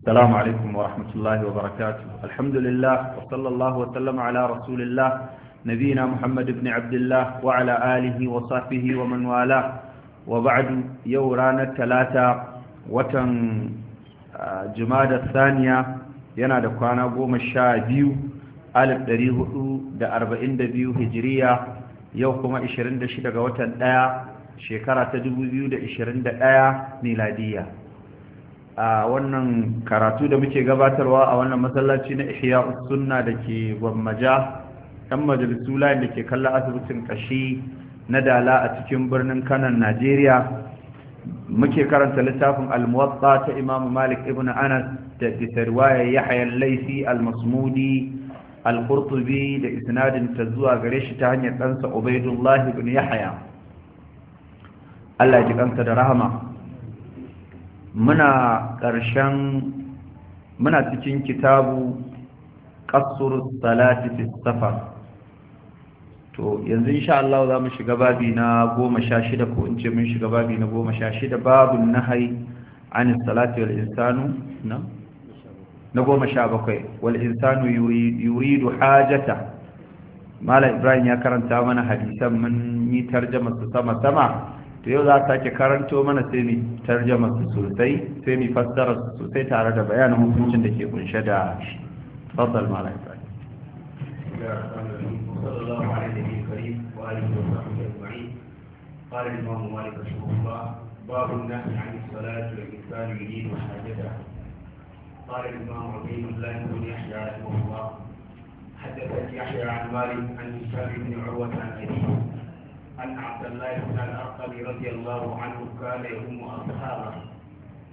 السلام عليكم ورحمة الله وبركاته الحمد لله وصلى الله وسلم على رسول الله نبينا محمد بن عبد الله وعلى آله وصحبه ومن والاه وبعد يورانا الثلاثة وتن جماد الثانية yana da kwana goma sha biyu alif ɗari hudu da arba'in da biyu hijiriya yau kuma ishirin da shida ga watan ɗaya shekara ta dubu biyu da ishirin da ɗaya miladiyya a wannan karatu da muke gabatarwa a wannan masallaci na ihya sunna da ke gwammaja ɗan majalisu layin da ke kalla asibitin ƙashi na dala a cikin birnin kanan najeriya muke karanta littafin almuwatsa ta imamu malik ibn anas da bisa riwayar yahya laifi almasmudi alkurtubi da isnadin ta zuwa gare shi ta hanyar ɗansa ubaidullahi ibn yahya allah ya ji kansa da rahama muna ƙarshen muna cikin kitabu ƙasur salati fi safar to yanzu insha Allah za mu shiga babi na goma sha shida ko in ce mun shiga babi na goma sha shida na hai an salati wal insanu na na goma sha bakwai wal insanu yuridu hajata Malam Ibrahim ya karanta mana hadisan mun yi tarjama su sama sama da yau za ta ke karanto mana sai mi tarjama su sosai sai mi fassara su sosai tare da bayanin hukuncin da ke kunshe da shi fassar mara ita قال الإمام عبيد الله بن يحيى رحمه الله حدثت يحيى عن مالك عن هشام بن عروة عن أبيه أن عبد الله بن الأرقم رضي الله عنه كان يهم أصحابه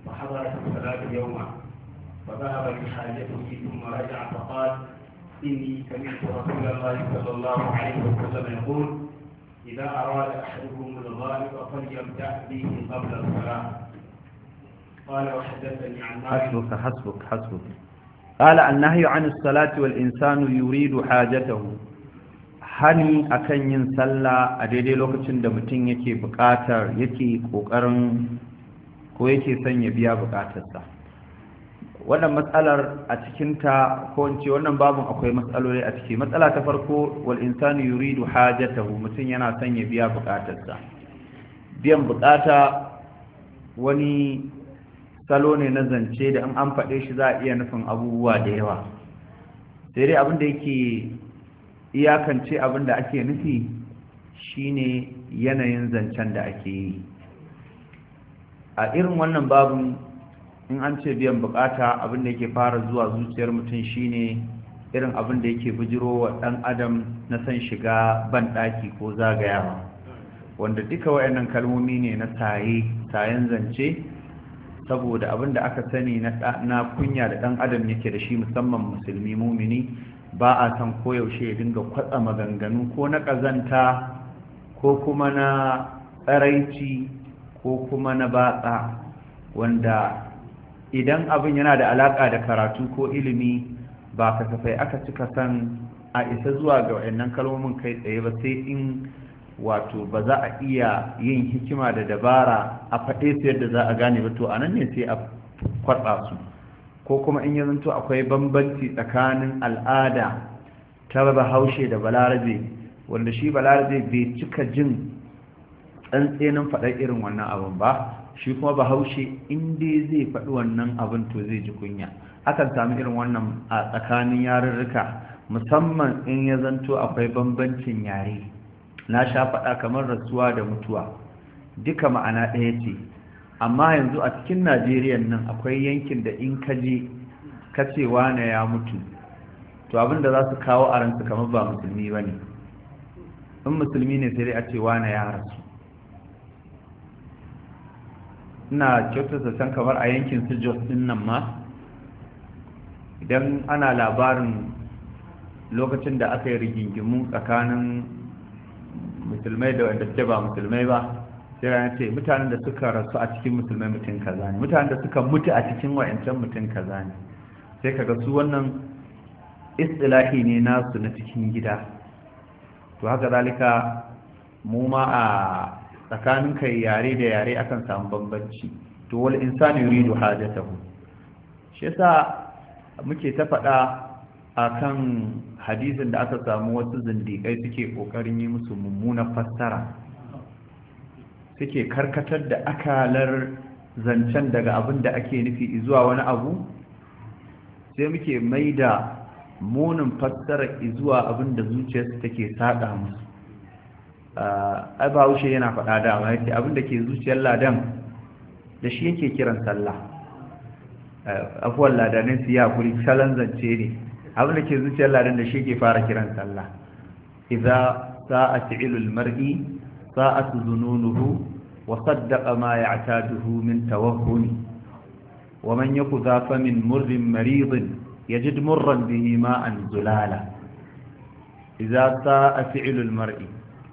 فحضرت الصلاة يوما فذهب لحاجته ثم رجع فقال إني سمعت رسول الله صلى الله عليه وسلم يقول إذا أراد أحدكم الغالب فليبدأ به قبل الصلاة قال وحدثني عن حسبك حسبك حسبك قال النهي عن الصلاة والإنسان يريد حاجته hani akan yin sallah a daidai lokacin da mutum yake buƙatar yake ƙoƙarin ko yake son ya biya buƙatarsa wannan matsalar a cikinta ko in wannan babin akwai matsaloli a ciki matsala ta farko wal insani yuridu hajatahu mutum yana son ya biya buƙatarsa biyan buƙata wani salo ne na zance da in an faɗe shi za a iya nufin abubuwa da yawa sai dai abin da yake iyakance abin da ake nufi shine yanayin zancen da ake yi a irin wannan babin in an ce biyan bukata abin da yake fara zuwa zuciyar mutum shine irin abin da yake bujiro wa ɗan adam na san shiga ban daki ko zagayawa wanda duka wayannan kalmomi ne na saye sayen zance saboda abin da aka sani na kunya da ɗan adam yake da shi musamman musulmi mumini ba a san koyaushe ya dinga kwatsa maganganu ko na ƙazanta ko kuma na tsaraici ko kuma na batsa wanda idan abin yana da alaƙa da karatu ko ilimi ba kasafai aka cika san a isa zuwa ga wayannan kalmomin kai tsaye ba sai in wato ba za a iya yin hikima da dabara a faɗe su yadda za a gane ba to a nan ne sai a kwatsa su ko kuma in yanzu akwai bambanci tsakanin al'ada ta bahaushe da balarabe wanda shi balarabe bai cika jin tsantsenin faɗar irin wannan abin ba shi kuma bahaushe inda zai faɗi wannan abin to zai ji kunya akan samu irin wannan a tsakanin yarurruka musamman in ya zanto akwai bambancin yare na sha faɗa kamar rasuwa da mutuwa duka ma'ana ɗaya ce amma yanzu a cikin najeriya nan akwai yankin da in ka je ka ce wane ya mutu to abin da za su kawo a ransu kamar ba musulmi ba ne in musulmi ne sai dai a ce na ya rasu ina kyautata can kamar a yankin su jos din nan ma idan ana labarin lokacin da aka yi rigingimu tsakanin musulmai da wanda suke ba musulmai ba sai rana ce mutanen da suka rasu a cikin musulmai mutum kaza ne mutanen da suka mutu a cikin wa'ancan mutum kaza ne sai kaga su wannan istilahi ne nasu na cikin gida to haka zalika mu ma a tsakanin kai yare da yare akan samu bambanci to wal insani yuridu hajatahu shi yasa muke ta faɗa akan hadisin da aka samu wasu zindikai suke ƙoƙarin yi musu mummunan fassara suke karkatar da akalar zancen daga abin da ake nufi zuwa wani abu sai muke mai da munin fassarar zuwa abin da zuciyarsu take saɗa musu a bahaushe yana faɗa dama yake abin da ke zuciyar ladan da shi yake kiran sallah afuwan ladanin su ya kuri salon zance ne abin da ke zuciyar ladan da shi yake fara kiran sallah a ci ilul mar'i sa'at zununuhu wa saddaqa ma ya'taduhu min tawahhumi wa man yaku zafa min murrin maridin yajid murran bihi ma'an zulala idza sa'a fi'lu al-mar'i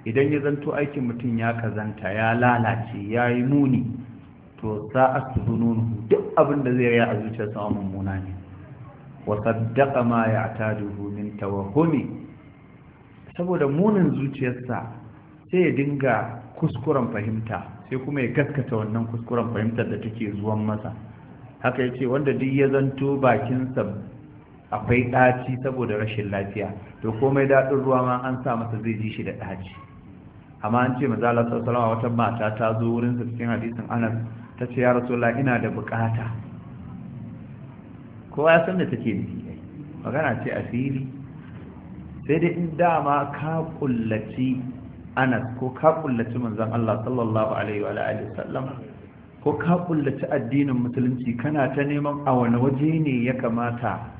idan ya zanto aikin mutum ya kazanta ya lalace ya yi muni to za a tununu duk abinda zai yi a zuciyarsa wa mummuna ne wa saddaqa ma ya'taduhu min tawahhumi saboda munin zuciyarsa sai ya dinga kuskuren fahimta sai kuma ya gaskata wannan kuskuren fahimtar da take zuwan masa haka ya ce wanda duk ya zanto bakinsa akwai ɗaci saboda rashin lafiya to komai daɗin ruwa ma an sa masa zai ji shi da ɗaci amma an ce maza Allah salama wata mata ta zo wurin sa cikin hadisin Anas ta ce ya rasu, ina da bukata kowa ya san da take ke magana ce asiri sai dai in dama ka kullaci anas ko ka kullaci manzon Allah sallallahu alaihi wa alihi sallam ko ka kullaci addinin musulunci kana ta neman a wani waje ne ya kamata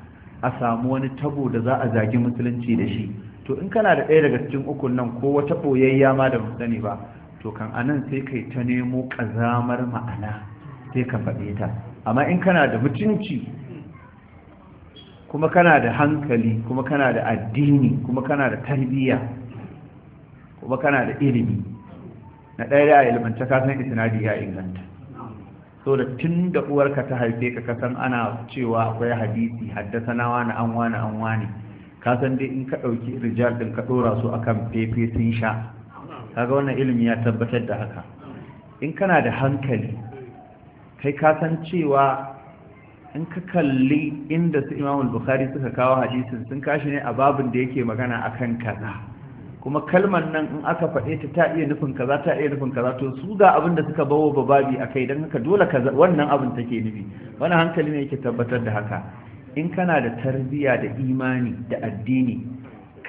a samu wani tabo da za a zagi musulunci da shi to in kana da ɗaya daga cikin ukun nan ko wata boyayya ma da sani ba to kan anan sai kai ta nemo kazamar ma'ana sai ka faɗe ta amma in kana da mutunci kuma kana da hankali kuma kana da addini kuma kana da tarbiyya kuma kana da ilimi na ɗaya da ilimance ka san isnadi ya inganta so da tun da uwarka ta haife ka kasan ana cewa akwai hadisi haddasa na wani an wani an wani ka san dai in ka ɗauki rijal ɗin ka ɗora su akan fefe sun sha kaga wannan ilimi ya tabbatar da haka in kana da hankali kai ka san cewa in ka kalli inda su imamul bukhari suka kawo hadisin sun kashi ne a babin da yake magana akan kaza kuma kalmar nan in aka faɗe ta ta iya nufin kaza ta iya nufin kaza to su ga abin da suka bawo bababi a kai don haka dole kaza wannan abin take nufi wani hankali ne yake tabbatar da haka in kana da tarbiyya da imani da addini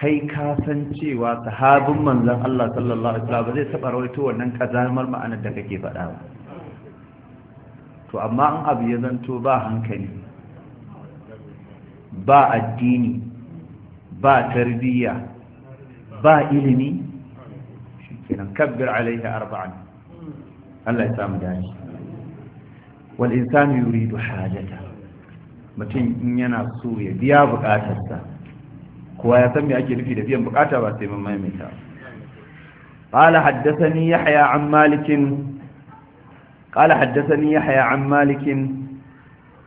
kai ka san cewa sahabin manzon Allah sallallahu alaihi wasallam zai taba rawaito wannan kazamar ma'anar da kake faɗa ba to amma in abu ya zanto ba hankali ba addini ba tarbiyya ba ilimi shikenan kabbir alaihi arba'an Allah ya samu dani wal insanu yuridu hajata mutum in yana so ya biya bukatarsa Kuwa ya san me ake nufi da biyan bukata ba sai mun maimaita قال حدثني يحيى عن مالك قال حدثني يحيى عن مالك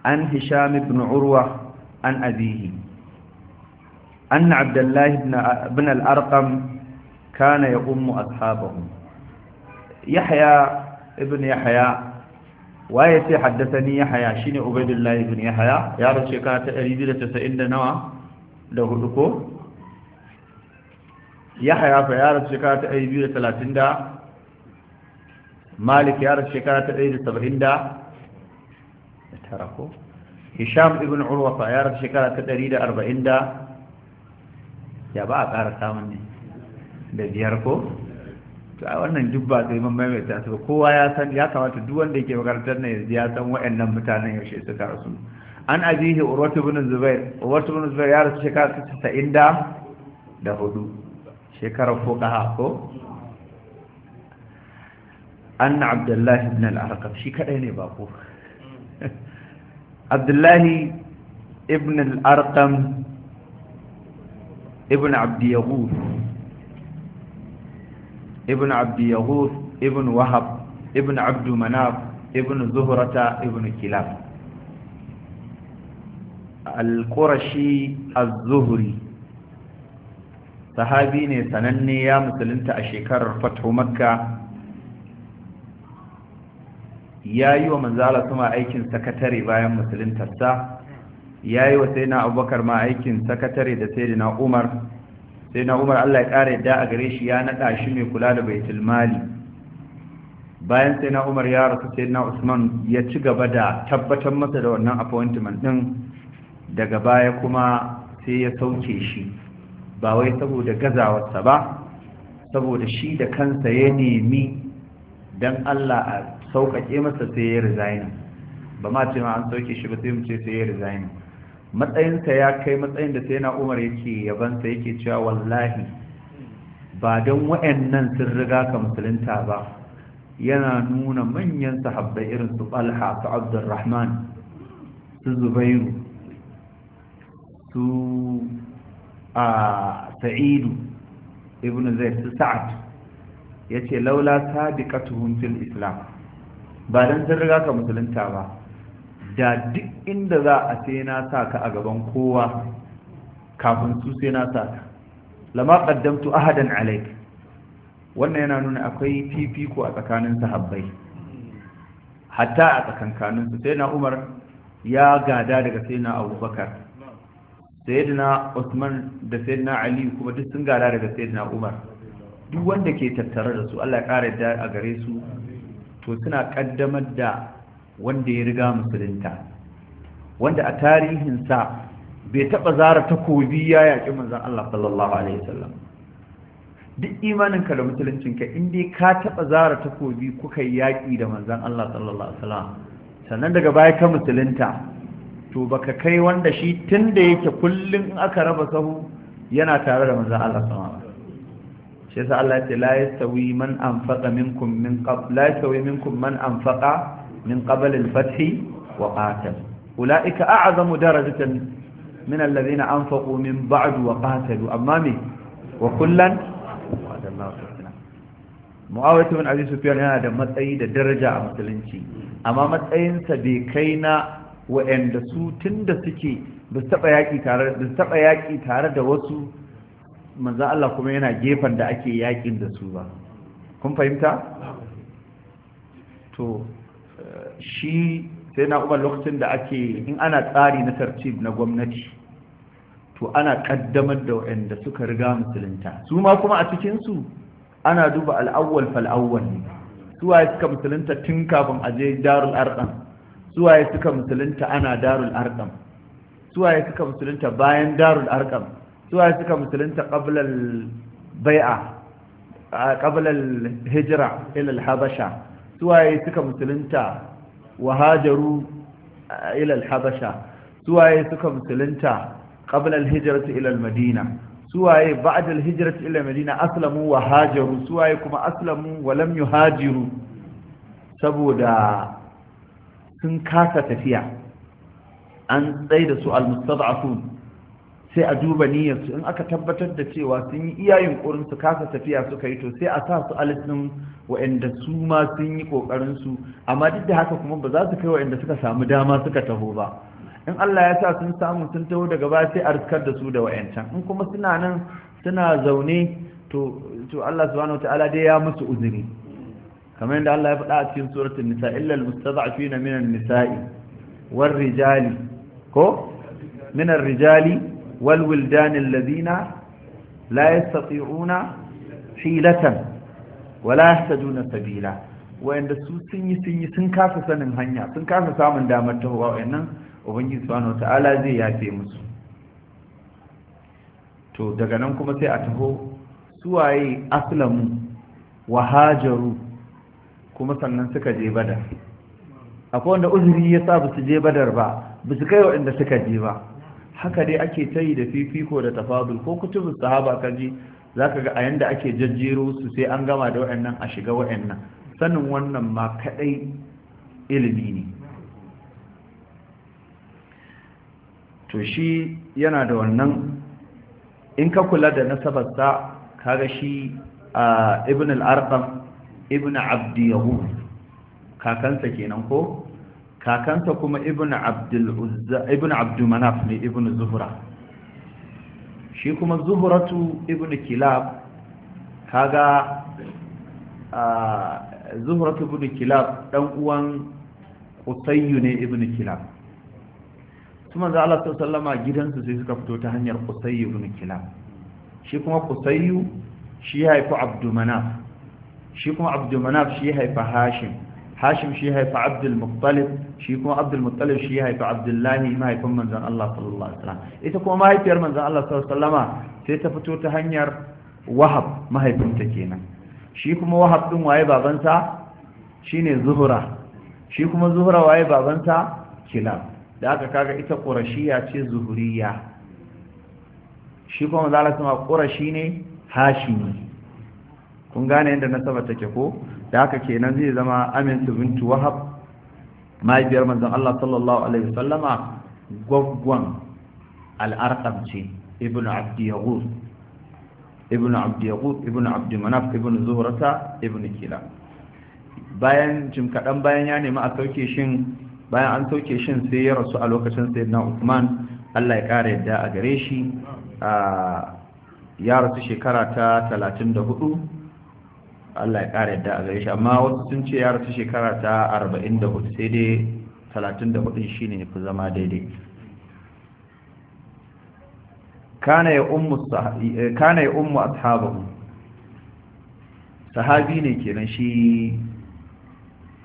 عن هشام بن عروة عن أبيه أن عبد الله بن الأرقم كان يؤم أصحابه يحيى ابن يحيى ويسي حدثني يحيى شين عبيد الله بن يحيى يا رشي كانت أريد لتسئل نوع له لكو يحيى فيا رشي كانت أريد لتلاتين دا مالك يا رشي كانت أريد لسبعين دا تركو هشام ابن عروة يا رشي كانت أريد أربعين دا ya ba a ƙara samun ne da biyar ko to a wannan dubba ba sai mun maimaita su kowa ya san ya kamata duk wanda yake makarantar ne ya san waɗannan mutanen yaushe suka rasu an abihi urwatu bin zubair urwatu bin zubair ya rasu shekara 90 da hudu shekarar kaha ko na abdullahi ibn al-arqam shi kadai ne ba ko abdullahi ibn al-arqam ibn abdi yahud ibn abdi ibn wahab ibn abdu manaf ibn Zuhurata, ibn kilab al-qurashi az-zuhri sahabi ne sananne ya musulunta a shekarar fathu makka ya yi wa manzala suma aikin sakatare bayan musuluntarsa ya yi wa sai na abubakar ma aikin sakatare da sai na umar sai na umar allah ya ƙara yadda a gare shi ya naɗa shi mai kula da bai tilmali bayan sai na umar ya rasu sai na usman ya ci gaba da tabbatar masa da wannan appointment ɗin daga baya kuma sai ya sauke shi ba wai saboda gazawarsa ba saboda shi da kansa ya nemi don allah a sauƙaƙe masa sai ya resign ba ma ce ma an sauke shi ba sai mu ce sai ya resign matsayinsa ya kai matsayin da sai na umar yake yabansa yake cewa wallahi ba don wa'annan sun riga ka musulunta ba yana nuna manyan sahabbai irin su ɓalha su abdurrahman su zubairu su a sa'idu ibn zai su sa'ad ya ce laula sabiqatuhum fil islam ba don sun riga ka musulunta ba da duk inda za a sai na sa ka a gaban kowa kafin su sai na sa ka lama qaddamtu ahadan alaik wannan yana nuna akwai fifiko a tsakanin sahabbai hatta a tsakankanin su sai na Umar ya gada daga sai na Abubakar sai na Usman da sai na Ali kuma duk sun gada daga sai na Umar duk wanda ke tattare da su Allah ya kare da a gare su to suna kaddamar da wanda ya riga musulunta wanda a tarihinsa bai taɓa zara takobi ya yaƙi manzan Allah sallallahu Alaihi wasallam duk imaninka da musuluncinka inda ka taɓa zara takobi kuka yaƙi da manzan Allah sallallahu Alaihi sannan daga baya ka musulunta to baka kai wanda shi tun da yake kullum aka raba sahu yana tare da manzan Allah sallallahu Alaihi wasallam Allah ce la yastawi man anfaqa minkum min qabl la yastawi minkum man anfaqa min qabl al-fath wa qatal ulaika a'zamu darajatan min alladhina anfaqu min ba'd wa qatalu amma me wa kullan wa'adallahu husna muawiyah ibn yana da matsayi da daraja a musulunci amma matsayinsa bai kai na wa'anda su tunda suke ba su taba yaki tare da taba yaki tare wasu manzo Allah kuma yana gefen da ake yakin da su ba kun fahimta to shi sai na umar lokacin da ake in ana tsari na tartib na gwamnati to ana kaddamar da waɗanda suka riga musulunta su ma kuma a cikinsu ana duba al'awwal fal'awwal ne suwaye suka musulunta tun kafin a je darul arqam suwaye suka musulunta ana darul arqam suwaye suka musulunta bayan darul arqam suwaye suka musulunta qablal bai'a qablal hijra ila al-habasha suwaye suka musulunta wa hajaru ilal al-habasha suwaye suka musulunta qabla al-hijrati ila al-madina suwaye ba'da al-hijrati ila al-madina aslamu wa hajaru suwaye kuma aslamu wa lam yuhajiru saboda sun kasa tafiya an tsaye da su al-mustad'afun sai a duba niyyarsu in aka tabbatar da cewa sun yi iya yunkurin su kasa tafiya suka yi to sai a sa su alisin wa'anda su ma sun yi kokarin su amma duk da haka kuma ba za su kai wa'anda suka samu dama suka taho ba in Allah ya sa sun samu sun taho daga baya sai a riskar da su da wa'ancan in kuma suna nan suna zaune to to Allah subhanahu wataala dai ya musu uzuri kamar yadda Allah ya faɗa a cikin suratul nisa illa almustad'afina minan nisa'i war rijali ko minan rijali wal wildanil ladina la yastati'una hilatan wala sabila wayanda su sun yi sun yi sun kasa sanin hanya sun kasa samun damar tahowa wayannan ubangiji subhanahu ta'ala zai yafe musu to daga nan kuma sai a taho suwaye aslamu wa hajaru kuma sannan suka je badar akwai wanda uzuri ya sa su je badar ba ba su kai waɗanda suka je ba haka dai ake ta yi da fifiko da tafadul ko kutubu sahaba ka za ka ga a yanda ake jajjero su sai an gama da waannan a shiga waɗannan sanin wannan ma kadai ilimi ne to shi yana da wannan in ka kula da nasabarsa kaga shi a ibn al-arqam ibn Abdiyahu, kakansa kenan ko Kakanta kuma ibn abdul manaf ne ibn zuhra shi kuma zuhratu ibn kilab kaga zuhratu ibn kilab dan uwan Kusayyu ne ibn kilab kuma za Allah sallama gidansu sai suka fito ta hanyar Kusayyu ibn kilab shi kuma Kusayyu shi ya haifi abdul manaf shi kuma abdul manaf shi ya haifi hashim hashim shi haifa abdul muttalib shi kuma abdul muttalib shi haifa abdullahi mahaifin Manzan Allah sallallahu alaihi wasallam ita kuma mahaifiyar Manzan Allah sallallahu alaihi wasallama sai ta fito ta hanyar wahab mahaifinta kenan shi kuma wahab din waye babansa shine zuhura shi kuma zuhura waye babansa kilab da aka kaga ita qurashiya ce zuhuriya shi kuma manzon Allah sallallahu alaihi wasallama qurashi ne hashimi kun gane yadda nasaba take ko da haka kenan zai zama amintu bintu wahab mahaifiyar manzon Allah sallallahu alaihi wasallama gwaggwan al'arqam ce ibn abdi yaghus ibn abdi yaghus ibn abdi manaf ibn zuhrata ibn kila bayan jim kadan bayan ya nemi a sauke shin bayan an sauke shin sai ya rasu a lokacin sayyidina Uthman Allah ya kare yadda a gare shi ah, ya rasu shekara ta 34 Allah ya ƙara yadda a gare shi amma wasu sun ce ya rasu shekara ta 44 sai dai 34 shine fi zama daidai kana ya ummu eh, kana ya ummu sahabi ne kenan shi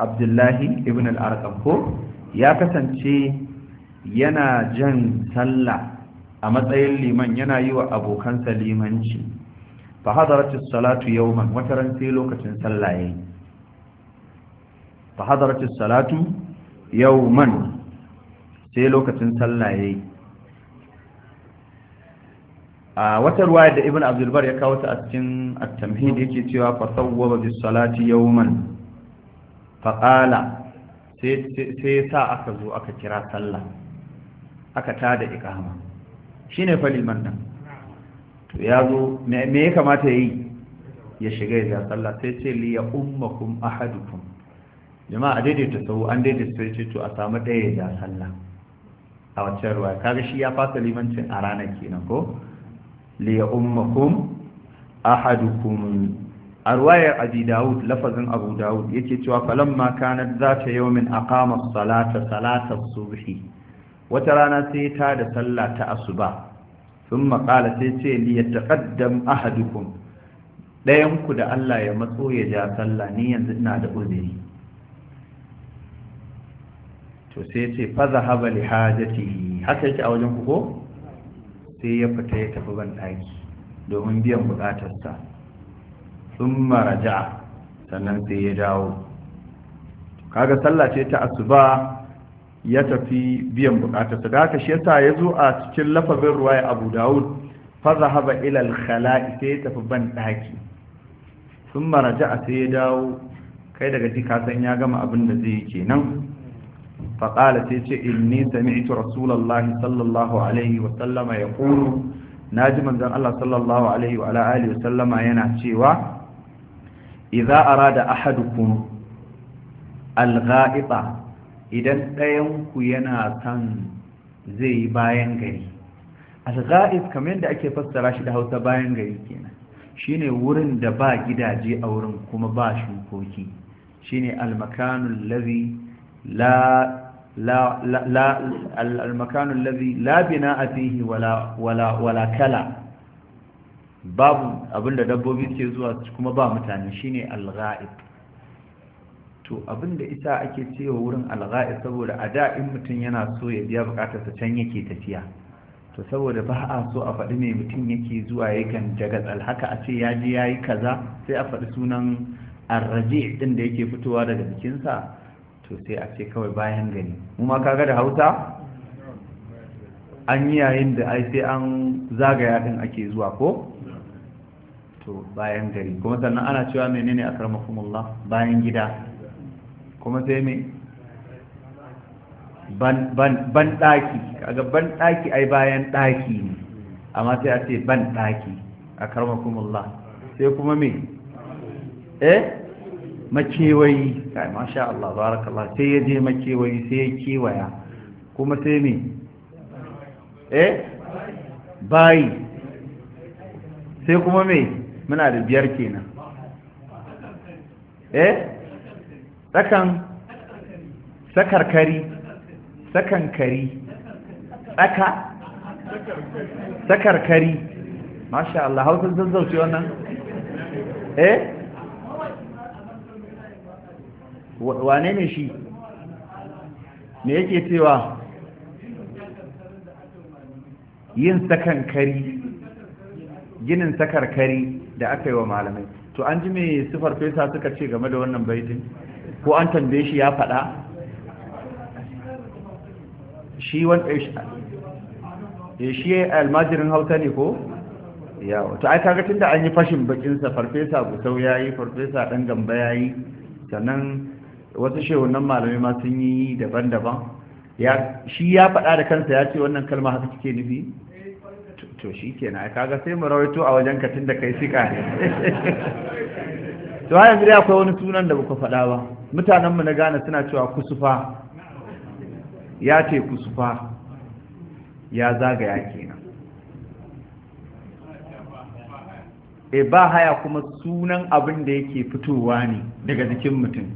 Abdullahi ibn al-Arqam ko ya kasance yana jan sallah a matsayin liman yana yi wa abokansa limanci fa hadarati salatu yawman wataran sai lokacin sallah yayi fa hadarati salatu yawman sai lokacin sallah a wata ruwaya da ibn abdulbar ya kawo ta a cikin at yake cewa fa sawwaba bis sai sa aka zo aka kira sallah aka tada iqama shine fa man nan to ya zo me ya kamata ya yi ya shiga ya sallah sai ce li ya ummakum ahadukum jama'a daidaita sau an daidaita sai ce to a samu ɗaya ya sallah a waccan ruwa kaga shi ya fasa limancin a ranar kenan ko li ya ummakum ahadukum a ruwayar abi dawud lafazin abu dawud yake cewa falamma kanat zata yawmin aqama salata salata subhi wata rana sai ta da sallah ta asuba sun maƙala sai ce li ya taƙaddam ahadukum ɗayanku da Allah ya matso ya ja sallah ni yanzu ina da uzuri to sai ce faza haba li hajatihi haka yake a wajen ku ko sai ya fita ya tafi ban ɗaki domin biyan buƙatarsa sun maraja sannan sai ya dawo kaga sallah ce ta asuba ya tafi biyan bukatar da haka shi yasa ya zo a cikin lafazin ruwaya abu dawud faza haba ilal khala'i sai ya tafi ban daki sun maraja a sai ya dawo kai daga ji san ya gama abin da zai kenan faƙala sai ce inni sami'tu rasulullahi sallallahu alaihi wa sallama ya kuru na ji manzon Allah sallallahu alaihi wa alihi wa sallama yana cewa idza arada ahadukum al-gha'ita idan ɗayanku yana son zai yi bayan gari alga'is kamar yadda ake fassara shi da hausa bayan gari kenan shine wurin da ba gidaje a wurin kuma ba shukoki shine ne Almakanun la la la fihi wala kala babu abinda dabbobi ke zuwa kuma ba mutane shine alga'is to abin da ita ake cewa wurin alga'i saboda a da in mutum yana so ya biya ta can yake tafiya to saboda ba a so a faɗi mai mutum yake zuwa yakan daga haka a ce ya je ya yi kaza sai a faɗi sunan arraje ɗin da yake fitowa daga jikinsa to sai a ce kawai bayan gani mu ma kaga da hausa an yi yayin da ai sai an zagaya din ake zuwa ko to bayan gari kuma sannan ana cewa menene akramakumullah bayan gida kuma sai me ban ɗaki kaga ban ɗaki ai bayan ɗaki ne amma sai a ce ban ɗaki a karmakumullah sai kuma me eh makewayi kai masha Allah barakallah sai ya je makewayi sai ya kewaya kuma sai me eh bayi sai kuma me muna da biyar kenan eh tsakan sakarkari sakankari tsaka sakarkari masha Allah hausa zauce wannan eh wane ne shi me yake cewa yin sakankari ginin sakarkari da aka yi wa malamai to an ji me sufar fesa suka ce game da wannan baitin ko an tambaye shi ya faɗa shi wanda eh, shi ya eh, almajirin hauta ne ko ya to ai kaga tun da an yi fashin bakinsa farfesa gusau ya yi farfesa ɗan gamba ya yi sannan wasu shehunan malami ma sun yi daban-daban shi ya faɗa da kansa ya ce wannan kalma haka kike nufi to shi kenan ai kaga sai mu rawaito a wajen ka tun da kai sika ne to har yanzu akwai wani sunan da buka faɗa ba mutanenmu na gane suna cewa kusufa ya ce kusufa ya zagaya kenan e ba haya kuma sunan abin da yake fitowa ne daga jikin mutum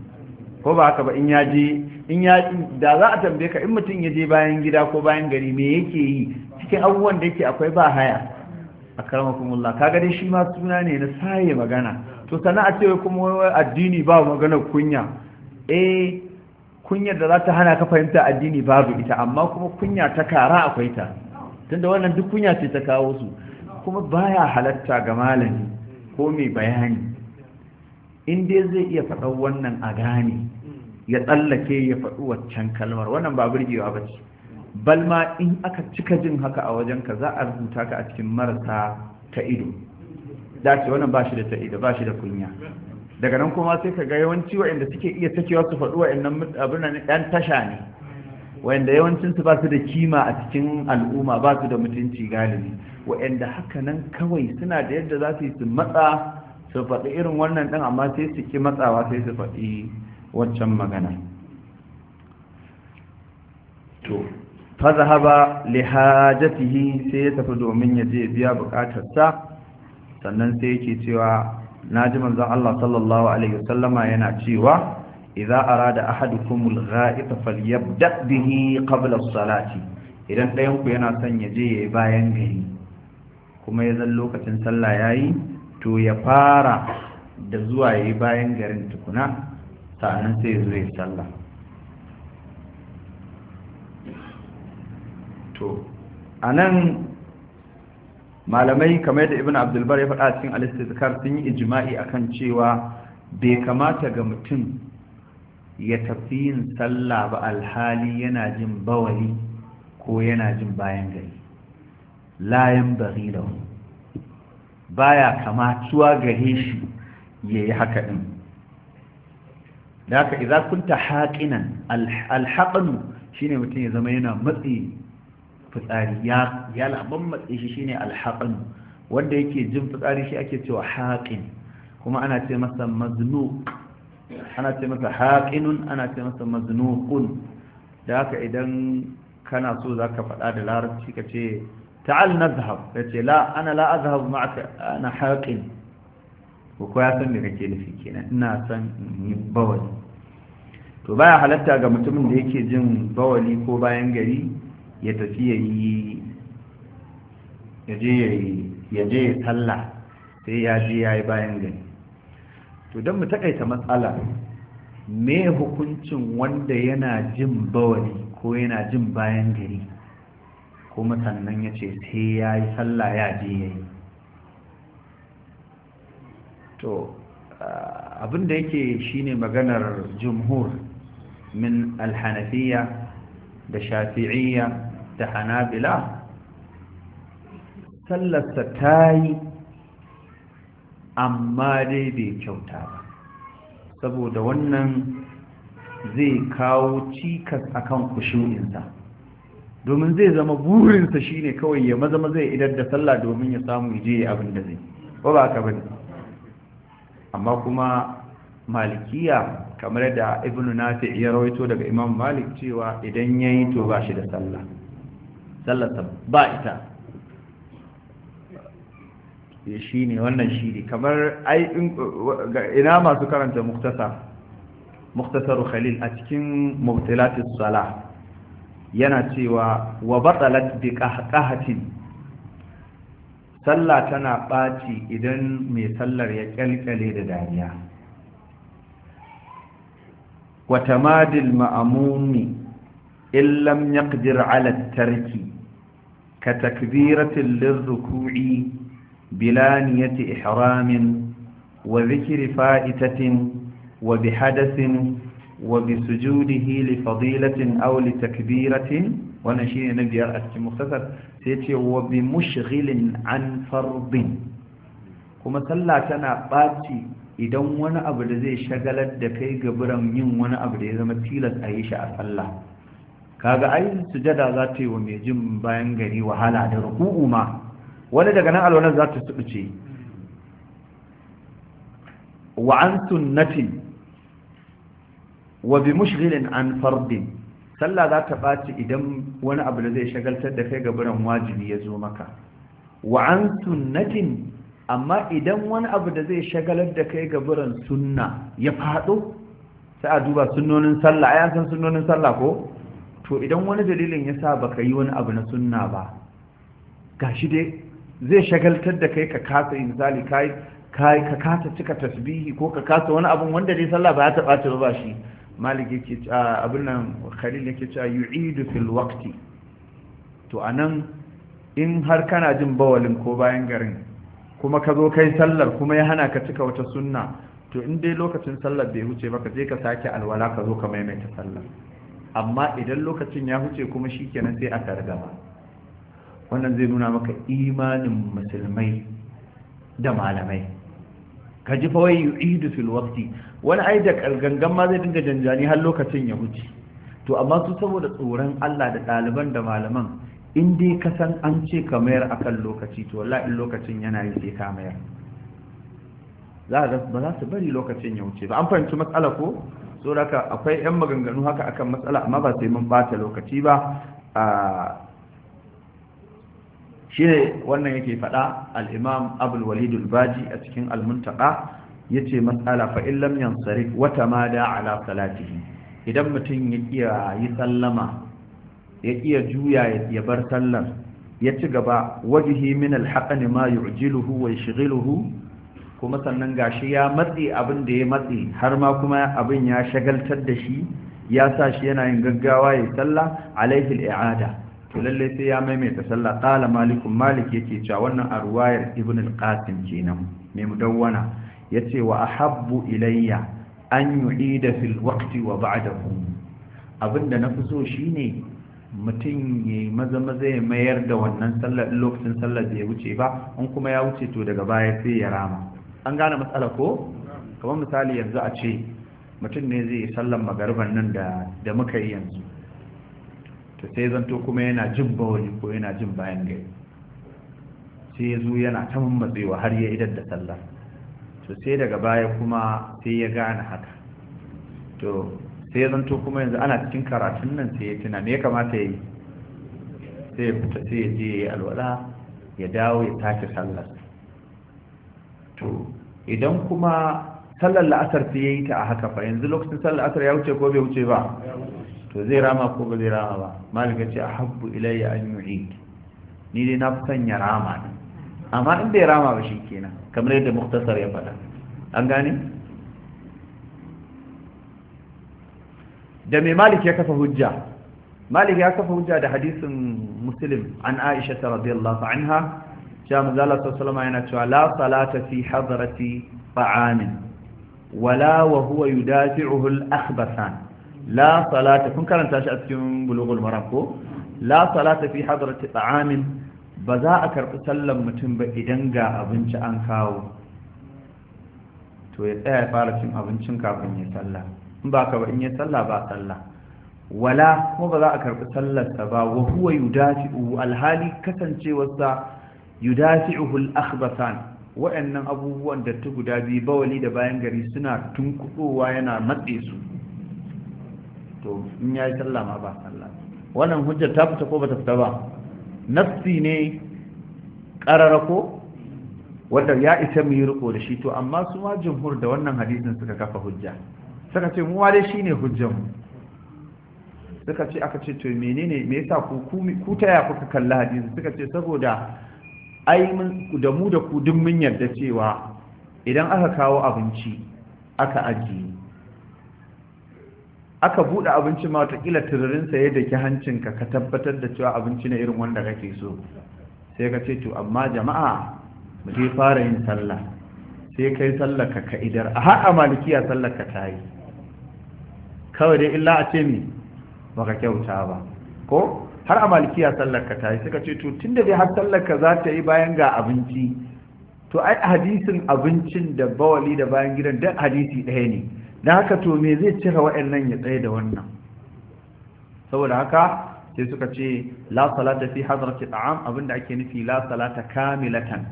ko ba haka ba in ya je in ya da za a tambaye ka in mutum ya je bayan gida ko bayan gari me yake yi cikin abubuwan da yake akwai ba haya a karamakumullah kaga dai shi ma suna ne na saye magana to sana'a ce kuma addini ba maganar kunya eh kunyar da za ta hana ka fahimta addini babu ita amma kuma kunya ta kara akwai ta tunda wannan duk kunya ce ta kawo su kuma baya halatta ga malami ko mai bayani in dai zai iya faɗa wannan a gane ya tsallake ya faɗi waccan kalmar wannan ba burgewa ba ce ma in aka cika jin haka a wajenka za a rubuta ka a cikin marasa ta ido dace wannan ba shi da ta ido ba shi da kunya daga nan kuma sai ka ga yawanci waɗanda suke iya sakewa su faɗi waɗannan abin nan ɗan tasha ne waɗanda yawancin su ba su da kima a cikin al'umma ba su da mutunci galibi waɗanda haka nan kawai suna da yadda za su yi su matsa su faɗi irin wannan ɗin amma sai su ki matsawa sai su faɗi waccan magana to fa zahaba li hajatihi sai ya tafi domin ya je biya bukatarsa sannan sai yake cewa na ji manzan Allah sallallahu alaihi wasallama yana cewa idza arada ahadukumul gha'ita falyabda bihi qabla as-salati idan ɗayan ku yana son ya je yayi bayan gari kuma ya zan lokacin sallah yayi to ya fara da zuwa yayi bayan garin tukuna sannan sai ya zo ya sallah to anan malamai kamar da ibn abdulbar ya faɗa cikin alistizkar sun yi ijima'i akan cewa bai kamata ga mutum ya tafi yin sallah ba alhali yana jin bawali ko yana jin bayan gari layan bari da baya kamatuwa gare shi ya yi haka ɗin da haka idan kunta haƙinan alhaƙanu shine mutum ya zama yana matsi fitsari ya ya laban matse shi shine alhaqan wanda yake jin fitsari shi ake cewa haqin kuma ana ce masa maznuq ana ce masa haqinun ana ce masa maznuqun da haka idan kana so zaka faɗa da larabci ka ce ta'al nadhhab kace la ana la azhab ma'aka ana haqin ko ya san me kake nufi kenan ina san ni bawali to baya halatta ga mutumin da yake jin bawali ko bayan gari ya tafi ya yi ya je ya talla sai ya je ya yi bayan gani to don mu takaita matsala me hukuncin wanda yana jin bawari ko yana jin bayan gari ko sannan ya ce sai ya yi talla ya je ya yi to ah, abinda yake shine maganar jumhur min alhanafiya da shafi'iyya da hanabila sallarsa ta yi amma dai bai kyauta ba saboda wannan zai kawo cikas akan kushurinsa domin zai zama burinsa shine kawai ya maza zai idar da sallah domin ya samu je abin da zai ba ba ka bane amma kuma malikiya kamar da ibnu nafi ya rawaito daga imam malik cewa idan yayi to ba shi da sallah sallarsa ba ita eh, shi ne wannan shi ne kamar ina masu karanta muktasar muktasar khalil a cikin mubtilatis sala yana cewa wa batalat bi qahqahatin sallah tana ɓaci idan mai sallar ya kyalkyale da dariya wa tamadil ma'amumi in lam yaqdir ala tarki ka takbiratin lirruku'i bila niyyati ihramin wa zikri fa'itatin wa bi hadasin wa bi sujudihi li fadilatin aw li takbiratin wannan shine na biyar a muktasar sai ce wa bi mushghilin an fardin kuma sallah tana ɓaci idan wani abu da zai shagalar da kai gaburan yin wani abu da ya zama tilas a yi shi a sallah kaga ai sujada za ta yi wa mai jin bayan gari wahala da ruku'u ma wani daga nan alwalar za ta suɓuce wa an sunnatin wa bi mushghilin an fardin sallah za ta ɓaci idan wani abu da zai shagaltar da kai gaburan wajibi ya zo maka wa an sunnatin amma idan wani abu da zai shagalar da kai gaburan sunna ya faɗo sai a duba sunnonin sallah ai an san sunnonin sallah ko to idan wani dalilin ya sa baka yi wani abu na sunna ba gashi dai zai shagaltar da kai ka kasa misali ka kasa cika tasbihi ko ka kasa wani abun wanda dai sallah ba ya taba ta ba shi malik yake cewa abin nan khalil yake cewa yu'idu fil waqti to anan in har kana jin bawalin ko bayan garin kuma ka zo kai sallar kuma ya hana ka cika wata sunna to in dai lokacin sallar bai huce ba ka je ka sake alwala ka zo ka maimaita sallar amma idan lokacin ya huce kuma shi kenan sai aka ragama wannan zai nuna maka imanin musulmai da malamai ka ji fa wai yu'idu fil waqti wani ai da gangan ma zai dinga janjani har lokacin ya huce to amma su saboda tsoron Allah da ɗaliban da malaman in dai ka san an ce ka mayar akan lokaci to wallahi in lokacin yana yi sai ka mayar za ba za su bari lokacin ya wuce ba an fahimci matsala ko so akwai yan maganganu haka akan matsala amma ba sai mun bata lokaci ba shi ne wannan yake faɗa al'imam abul walidul baji a cikin almuntaka ya ce matsala fa'in lam tsari wata ma da ala salatihi idan mutum ya iya yi sallama ya iya juya ya bar sallar ya ci gaba wajihi min ne ma yu'jiluhu wa shigiluhu kuma sannan gashi ya matse abin da ya matse har ma kuma abin ya shagaltar da shi ya sa shi yana yin gaggawa ya sallah alaihi al'ada to lalle sai ya maimaita sallah qala malikum malik yake cewa wannan a ruwayar ibn al-qasim kenan mai mudawwana yace wa ahabbu ilayya an yu'ida fil waqti wa ba'dahu abinda na fi so shine mutum ya yi maza maza ya mayar da wannan sallar lokacin sallar da ya wuce ba in kuma ya wuce to daga baya sai ya rama an gane matsala ko kamar misali yanzu a ce mutum ne zai sallan magarban nan da muka yi yanzu to sai zanto kuma yana jin bawani ko yana jin bayan gari sai ya zo yana ta mammatsewa har ya idan da sallah to sai daga baya kuma sai ya gane haka to sai zan zanto kuma yanzu ana cikin karatun nan sai ya tuna me ya kamata ya yi sai ya fita sai ya je ya yi alwala ya dawo ya take sallar to idan kuma sallar la'asar ta yi ta a haka fa yanzu lokacin sallar la'asar ya wuce ko bai wuce ba to zai rama ko ba zai rama ba malika ce a habbu ilayya an yu'id ni dai na fi ya rama ne amma in bai rama ba kenan. kamar yadda muktasar ya faɗa an gane da mai malik ya kafa hujja malik ya kafa hujja da hadisin muslim an aisha radiyallahu anha cewa manzala sallama yana cewa la salata fi hadarati ta'amin wala wa huwa yudafi'uhu al-akhbathan la salata kun karanta shi a cikin bulughul maram ko la salata fi hadarati ta'amin ba za a karbi sallan mutum ba idan ga abinci an kawo to ya tsaya ya fara cin abincin kafin ya sallah in ba ka ba in ya sallah ba sallah wala kuma ba za a karbi sallarsa ba wa huwa yudafi'u alhali kasancewarsa yudafi'uhu al-akhbathan wa'annan abubuwan da ta guda biyu bawali da bayan gari suna tunkuɗowa yana matse su to in ya yi sallah ma ba sallah wannan hujjar ta fita ko bata fita ba nafsi ne qarara ko wanda ya isa mu yi riko da shi to amma su ma jumhur da wannan hadisin suka kafa hujja suka ce mu wa dai shine hujjar mu suka ce aka ce to menene me yasa ku ku ta ya kuka kalla hadisin suka ce saboda ai mun da mu da ku duk mun yarda cewa idan aka kawo abinci aka ajiye aka bude abinci ma watakila tururin saye da ki hancinka ka tabbatar da cewa abinci ne irin wanda kake so sai ka ce to amma jama'a mu fara yin sallah sai kai sallah ka ka'idar a haɗa malikiya sallar ka ta yi kawai dai illa a ce mi baka kyauta ba ko har a malikiya sallar ka ta yi suka ce to tun da dai har sallar ka za ta yi bayan ga abinci to ai hadisin abincin da bawali da bayan gidan duk hadisi ɗaya ne na haka to me zai cika wa'annan ya tsaye da wannan saboda haka sai suka ce la salata fi hadrati ta'am abinda ake nufi la salata kamilatan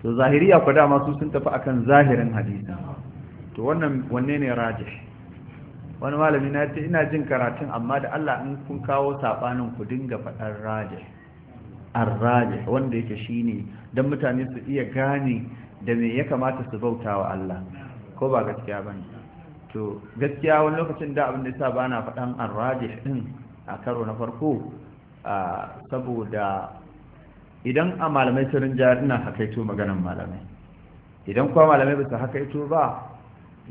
to zahiriya ku dama su sun tafi akan zahirin hadisa. to wannan wanne ne rajih wani malami na ce ina jin karatun amma da Allah in kun kawo sabanin ku dinga faɗar raje arraje wanda yake shine dan mutane su iya gane da me ya kamata su bauta wa Allah ko ba gaskiya bane to gaskiya wani lokacin da abin da yasa bana faɗan arraje din a karo na farko saboda idan a malamai turin jari ina hakaito maganan malamai idan kuma malamai ba su hakaito ba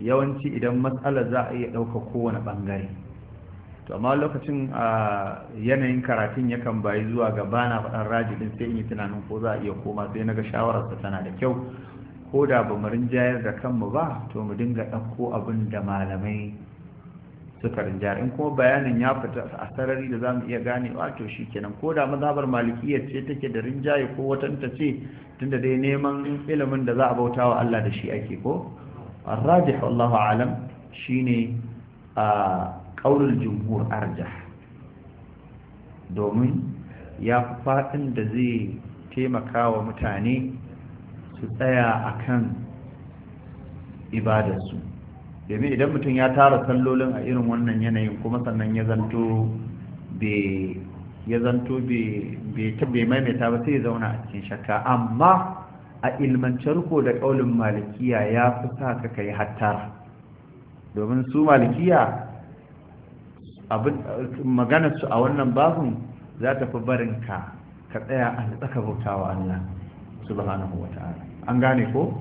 yawanci idan matsalar za a iya ɗauka kowane ɓangare to amma lokacin a yanayin karatun yakan bayi zuwa ga bana faɗan rajidin sai in yi tunanin ko za a iya koma sai na ga shawararsa tana da kyau ko da ba marin jayar da kanmu ba to mu dinga ɗauko abin da malamai suka rinjayar in kuma bayanin ya fita a sarari da za mu iya ganewa to shi kenan ko da mazhabar malikiya ce take da rinjaye ko watanta ce tunda dai neman ilimin da za a bauta wa Allah da shi ake ko الراجح والله أعلم a قول الجمهور أرجح domin ya fi faɗin da zai taimaka wa mutane su tsaya akan kan ibadarsu idan mutum ya tara sallolin a irin wannan yanayin kuma sannan ya zanto bai maimaita ba sai zauna a cikin shakka amma a ilmance riko da ƙaulin malikiya ya fi sa ka kai hatta domin su malikiya su a wannan babin za ta fi barin ka ka tsaya a tsaka bautawa Allah subhanahu wa ta'ala an gane ko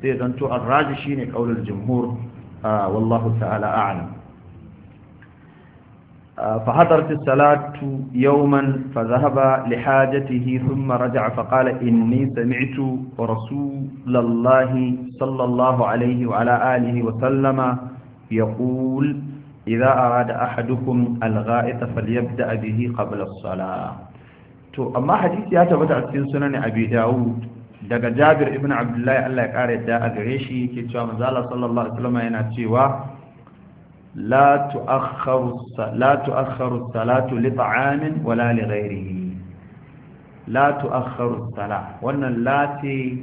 sai zanto an raji shine ƙaunar jumhur wallahu ta'ala a'lam فحضرت الصلاة يوما فذهب لحاجته ثم رجع فقال إني سمعت رسول الله صلى الله عليه وعلى آله وسلم يقول إذا أراد أحدكم الغائط فليبدأ به قبل الصلاة تو أما حديث ياتا بدأ في سنن أبي داود دقى جابر ابن عبد الله الله يقارئ دا أغريشي كي تشوى مزالة صلى الله عليه وسلم ينا تشيوه la tu'akhkharu salatu li ta'amin wala li ghairihi la tu'akhkharu salat wannan lati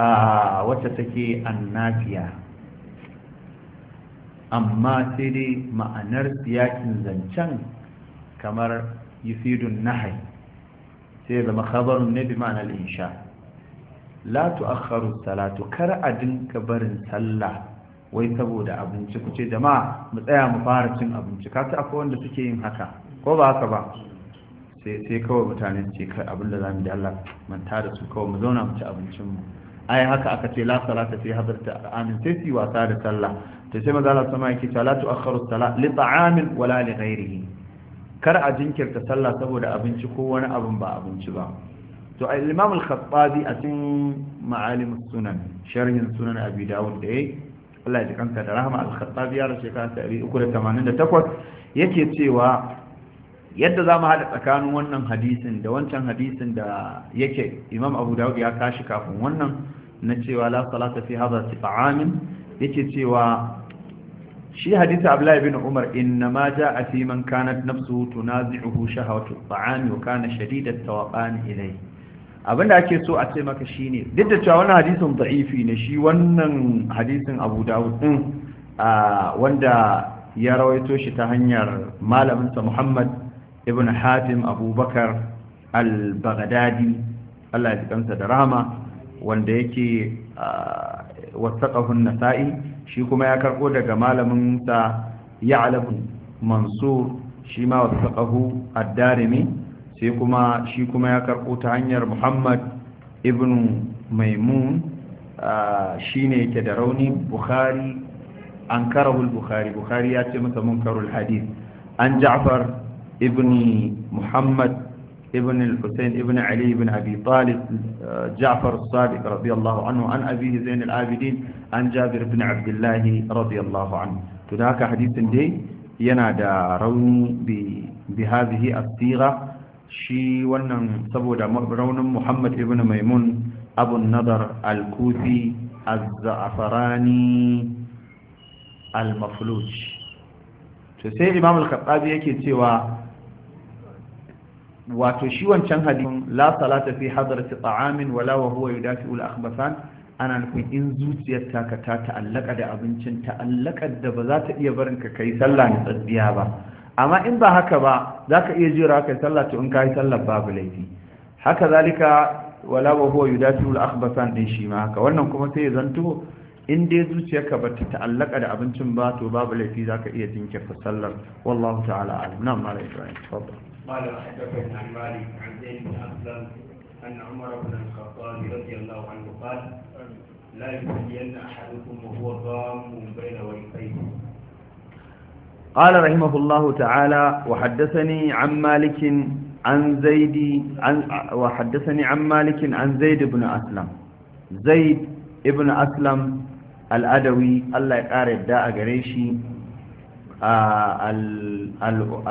a wacce take annafiya amma sai dai ma'anar yaƙin zancen kamar yufidun nahai sai zama khabarun ne bi ma'anar insha la tu'akhkharu salatu kar a dinka barin sallah wai saboda abinci ku ce jama'a mu tsaya mu fara cin abinci ka ta akwai wanda suke yin haka ko ba haka ba sai kawai mutane ce kai abin da zamu da Allah manta da su kawai mu zauna mu ci abincin mu ai haka aka ce la salata fi hadrata amin sai su wasa da sallah to sai maza Allah sama yake cewa la tu'akhkharu salat li ta'amin wala li ghairihi kar a jinkirta sallah saboda abinci ko wani abin ba abinci ba to al-imam al-khattabi a cikin ma'alim sunan sharhin sunan abi dawud da yayi Allah ya ji kansa da rahama al-khattabi ya rasu shekara 388 yake cewa yadda za mu haɗa tsakanin wannan hadisin da wancan hadisin da yake imam abu dawud ya kashi kafin wannan na cewa la salata fi hadha tifa'amin yake cewa shi hadisi abdullahi bin umar inna ma jaa fi man kanat nafsuhu tunazi'uhu shahawatu at'ami wa kana shadidat tawaqan ilayhi abinda ake so a ce maka shine duk da cewa wani hadisin da'ifi ne shi wannan hadisin Abu Dawud din wanda ya rawaito shi ta hanyar malaminsa Muhammad ibn Hatim Abubakar al-Baghdadi Allah ya kansa da rahama wanda yake wasaqahu nasai shi kuma ya karko daga malamin sa Ya'lamu Mansur shi ma wasaqahu ad-Darimi sai kuma shi kuma ya karɓo ta hanyar muhammad ibn maimun shi ne yake da rauni bukhari an karahul bukhari bukhari ya ce masa munkarul hadis an ja'far ibn muhammad ابن الحسين ابن علي بن أبي طالب جعفر الصادق رضي الله abidin an jabir زين العابدين عن جابر to da الله رضي الله عنه تذاك حديث دي ينادى روني بهذه الصيغة shi wannan saboda raunin muhammad ibn maimun abun nadar al-kufi az-za'afarani al-mafluj to sai imam al-khattabi yake cewa wato shi wancan hadisin la salata fi hadrati ta'amin wala wa huwa yudafi'u al-akhbathan ana nufin in zuciyarta ka ta ta'allaka da abincin ta'allaka da ba za ta iya barin ka kai sallah na tsaddiya ba amma in ba haka ba za ka iya jira kai sallah to in ka yi sallah babu laifi haka zalika wala wa huwa yudatu al-akhbasan din shi ma haka wannan kuma sai ya zanto in dai zuciyarka ba ta ta'allaka da abincin ba to babu laifi za ka iya jinkirta sallar wallahu ta'ala alim na mala ibrahim tafadda mala hadathani an malik an zaid bin aslam anna umar ibn al-khattab radiyallahu anhu qala la yusalli ahadukum wa huwa ghamun bayna wajhayhi قال رحمه الله تعالى وحدثني عن مالك عن زيد عن وحدثني عن مالك عن زيد بن أسلم زيد ابن أسلم الأدوي الله يقار الداء قريشي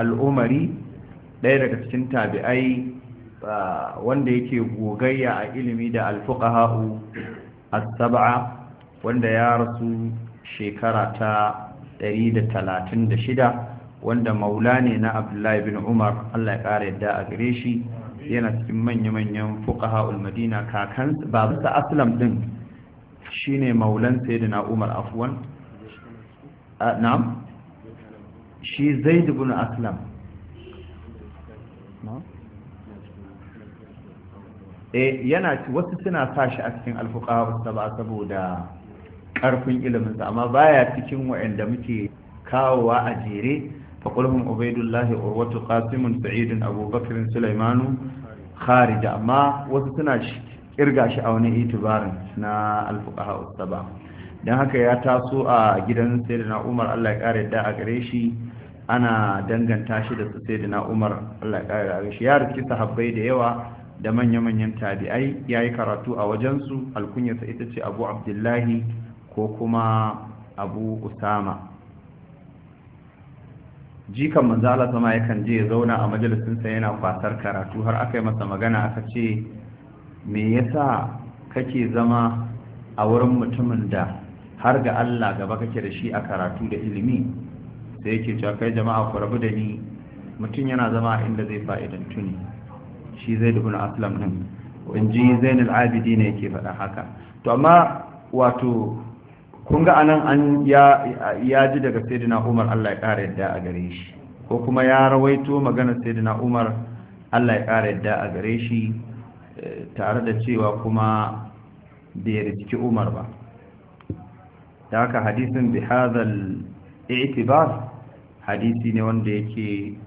الأمري دائرة تشنتا بأي wanda yake gogayya a ilimi da alfuqaha'u as-sab'a wanda ya rasu shekara ta 136 wanda maula ne na abdullahi bin umar allah ya ƙara yadda a gare shi yana cikin manya-manyan fuqaha madina kakan ta aslam din shine maulan sayyidina umar afuwan? na'am shi zai ibn aslam eh yana wasu suna sashi a cikin ba saboda ƙarfin iliminsa amma baya cikin waɗanda muke kawowa a jere faƙulhun ubaidullahi urwatu qasimun sa'idun abubakar sulaimanu kharija amma wasu suna kirga shi a wani itibarin na alfuqaha usaba dan haka ya taso a gidan sayyidina umar Allah ya kare da a gare shi ana danganta shi da sayyidina umar Allah ya kare da shi ya riki sahabbai da yawa da manya-manyan tabi'ai yayi karatu a wajensu alkunyarsa ita ce abu abdullahi ko kuma abu usama jikan manzala sama yakan je ya zauna a majalisinsa yana kwasar karatu har aka yi masa magana aka ce me yasa kake zama a wurin mutumin da har ga Allah gaba kake da shi a karatu da ilimi sai yake cewa kai jama'a ku rabu da ni mutum yana zama a inda zai fa'idan tuni shi zai da na aslam din in ji zainul abidi ne yake faɗa haka to amma wato kun ga anan an ya ji daga sayyidina umar allah ya ƙara yadda a gare shi ko kuma ya rawaito magana sayyidina umar allah ya ƙara yadda a gare shi eh, tare da cewa kuma bai riski umar ba da haka hadisin bi hadhal i'tibar hadisi ne wanda yake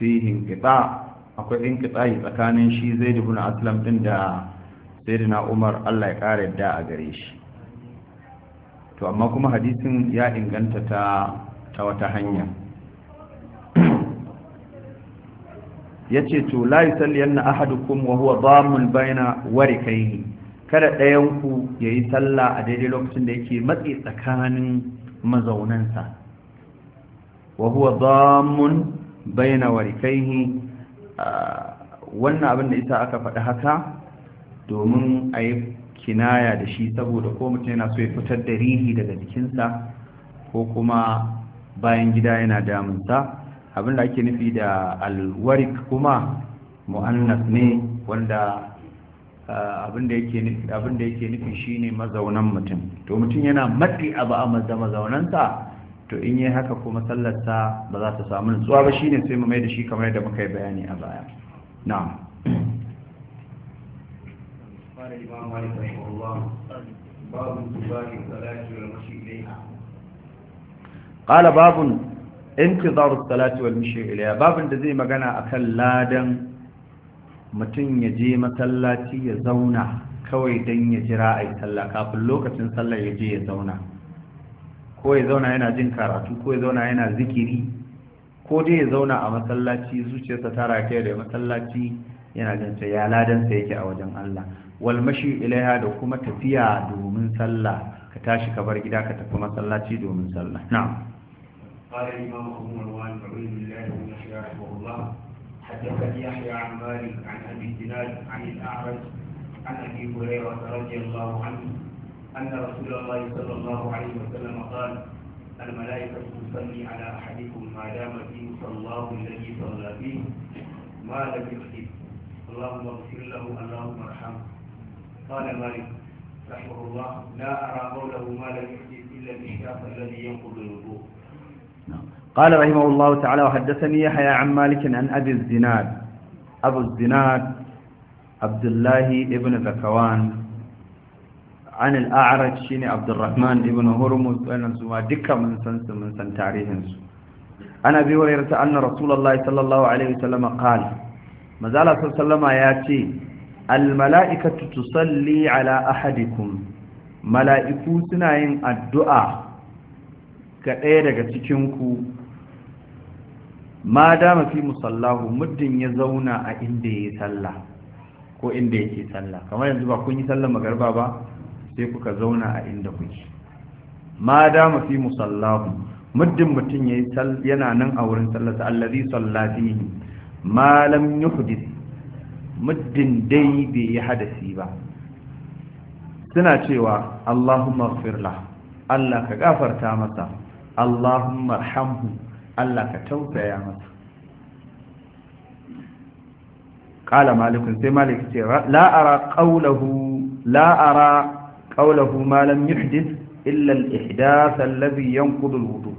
fihin kitsa. akwai inqita'i tsakanin shi zaid ibn aslam din da sayyidina umar allah ya ƙara yadda a gare shi to amma kuma hadisin ya inganta ta ta wata hanya yace to la yusalliyanna ahadukum wa huwa dhamun baina warikaihi kada ɗayan ku yayi sallah a daidai lokacin da yake matsi tsakanin mazaunansa wa huwa dhamun baina warikaihi ah, wannan abin da isa aka faɗi haka domin a yi kinaya da shi saboda ko mutum yana so ya fitar da rihi daga jikinsa ko kuma bayan gida yana damunsa Abin da ake nufi da alwarik kuma mu'annas ne wanda ah, abin da yake nufi shine mazaunan mutum to mutum yana matsi abu a mazaunansa to in yi haka kuma sallarsa ba za ta samu nutsuwa ba shi ne sai mu mai da shi kamar yadda muka yi bayani a baya na'am قال الإمام مالك رحمه الله باب انتظار الصلاة والمشي إليها قال باب انتظار الصلاة والمشي إليها باب الذي مغنى أكل لادا mutum ya je masallaci ya zauna kawai don ya jira a yi sallah kafin lokacin sallah ya je ya zauna ko ya zauna yana jin karatu ko ya zauna yana zikiri ko dai ya zauna a masallaci zuciyarsa ta rataye da masallaci yana jin ya ladansa yake a wajen Allah walmashi ilaiha da kuma tafiya domin sallah ka tashi ka bar gida ka tafi masallaci domin sallah na'am قال الإمام أبو مروان أعوذ بالله من الشيطان الله حدثني يحيى عن مالك عن أبي الزناد عن الأعرج عن أبي هريرة رضي الله عنه أن رسول الله صلى الله عليه وسلم قال الملائكة تصلي على أحدكم ما دام فيه صلاه الذي صلى فيه ما لم يخطب اللهم اغفر له اللهم ارحمه قال مالك رحمه الله لا أرى قوله ما لم يحدث إلا الإشراف الذي ينقض الوضوء قال رحمه الله تعالى وحدثني يحيى عن مالك عن أبي الزناد أبو الزناد عبد الله ابن ذكوان عن الأعرج شيني عبد الرحمن ابن هرمز وأنا سوى دكة من سنس من سن تعريهن أنا أبي هريرة أن رسول الله صلى الله عليه وسلم قال ما زال صلى الله عليه وسلم ياتي almala'ikatu tusalli ala ahadikum mala'iku suna yin addu'a ga ɗaya daga cikinku ma dama fi musallahu muddin ya zauna a inda ya sallah ko inda yake sallah kamar yanzu ba kun yi sallar magarba ba sai kuka zauna a inda kuke ma dama fi musallahu muddin mutum yana nan a wurin sallarsa allazi sallatihi ma lam yuhdith muddin dai bai yi hadasi ba suna cewa Allahumma firla Allah ka gafarta masa Allahumma hamhu Allah ka tausaya masa qala malik sai malik ce la ara qawluhu la ara qawluhu ma lam illa al-ihdath alladhi yanqudu wudu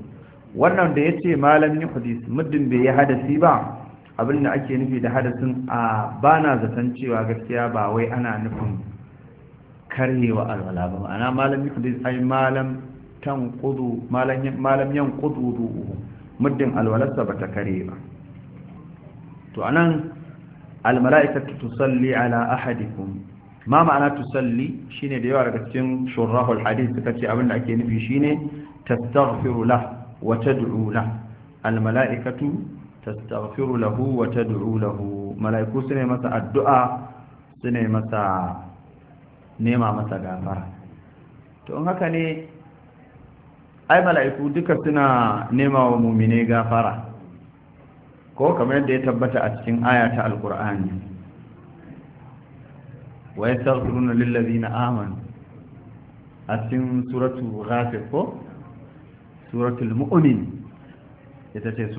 wannan da yace ma lam yuhdith muddin bai yi hadasi ba abin da ake nufi da hadasin a ba na zaton cewa gaskiya ba wai ana nufin karyewa alwala ba ma'ana malam yi ai malam malam yan muddin alwalarsa bata kare ba to a anan almala'ikatu tusalli ala ahadikum ma ma'ana tusalli shine da yawa daga cikin shurrahul hadith suka ce abin da ake nufi shine tastaghfiru lah wa tad'u lah almala'ikatu tastaghfiru lahu wa tad'u lahu malaiku sune masa addu'a sune masa nema masa gafara to in haka ne ai mala'iku duka suna nema wa mumine gafara ko kamar yadda ya tabbata a cikin aya ta alkur'ani wa yastaghfiruna na amanu a cikin suratu ghafir ko suratul mu'min ita ce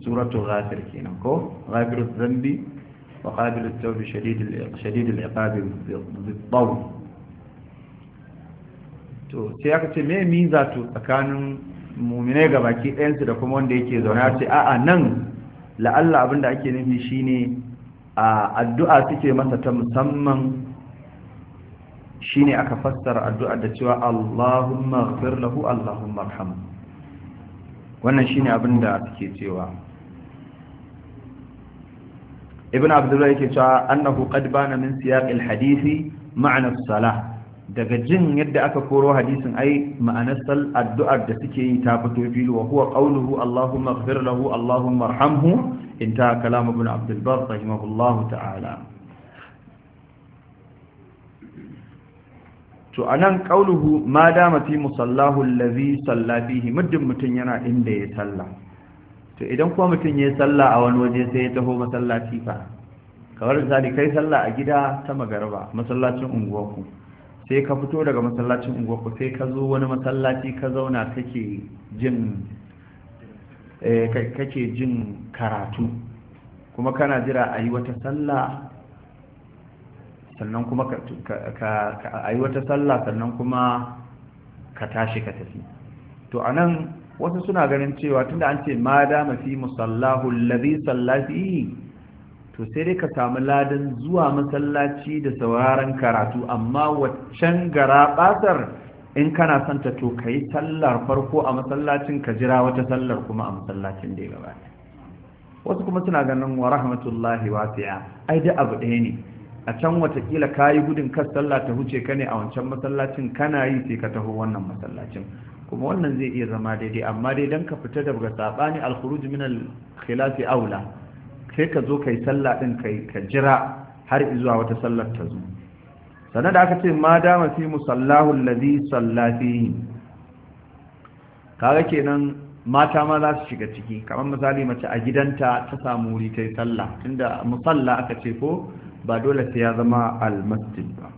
suratul ghafir kenan ko ghafirul zambi wa qabilul tawbi shadidul iqabi to sai aka ce me mi tu tsakanin mu'mine ga baki ɗayansu da kuma wanda yake zaune a ce a nan la'alla abinda ake nufi shine a addu'a suke masa ta musamman shine aka fassara addu'a da cewa Allahumma ighfir lahu Allahumma arhamhu wannan shine abin da suke cewa ibn abdullah yake cewa annahu qad bana min siyaq alhadisi ma'na as-salah daga jin yadda aka koro hadisin ai ma'anar sal addu'ar da suke yi ta fito fili wa huwa qawluhu allahumma ighfir lahu allahumma arhamhu inta kalam ibn abdul bar rahimahullahu ta'ala to anan qauluhu ma dama fi musallahu allazi salla fihi muddin mutun yana inda ya salla to idan kuma mutum ya salla a wani waje sai ya taho masallaci fa kamar zali kai salla a gida ta magarba masallacin unguwarku sai ka fito daga masallacin unguwarku sai ka zo wani masallaci ka zauna kake jin eh, kake jin karatu kuma kana jira a yi wata sallah sannan kuma ka yi wata sallah sannan kuma ka tashi ka tafi to a nan wasu suna ganin cewa tunda an ce ma dama fi musallahu allazi sallafi to sai dai ka samu ladin zuwa masallaci da sauraron karatu amma waccan gara basar in kana son ta to yi sallar farko a masallacin ka jira wata sallar kuma a masallacin da ya gabata wasu kuma suna ganin wa rahmatullahi ya ai da abu ɗaya ne a can watakila ka yi gudun kas sallah ta huce ka ne a wancan masallacin kana yi sai ka taho wannan masallacin kuma wannan zai iya zama daidai amma dai dan ka fita daga sabani al-khuruj min al-khilafi aula sai ka zo kai sallah din kai ka jira har zuwa wata sallar ta zo sannan da aka ce ma dama fi musallahu alladhi salla fihi kaga kenan mata ma za su shiga ciki kamar misali mace a gidanta ta samu wuri ta yi sallah tunda musalla aka ce ko ba dole sai ya zama almasjid ba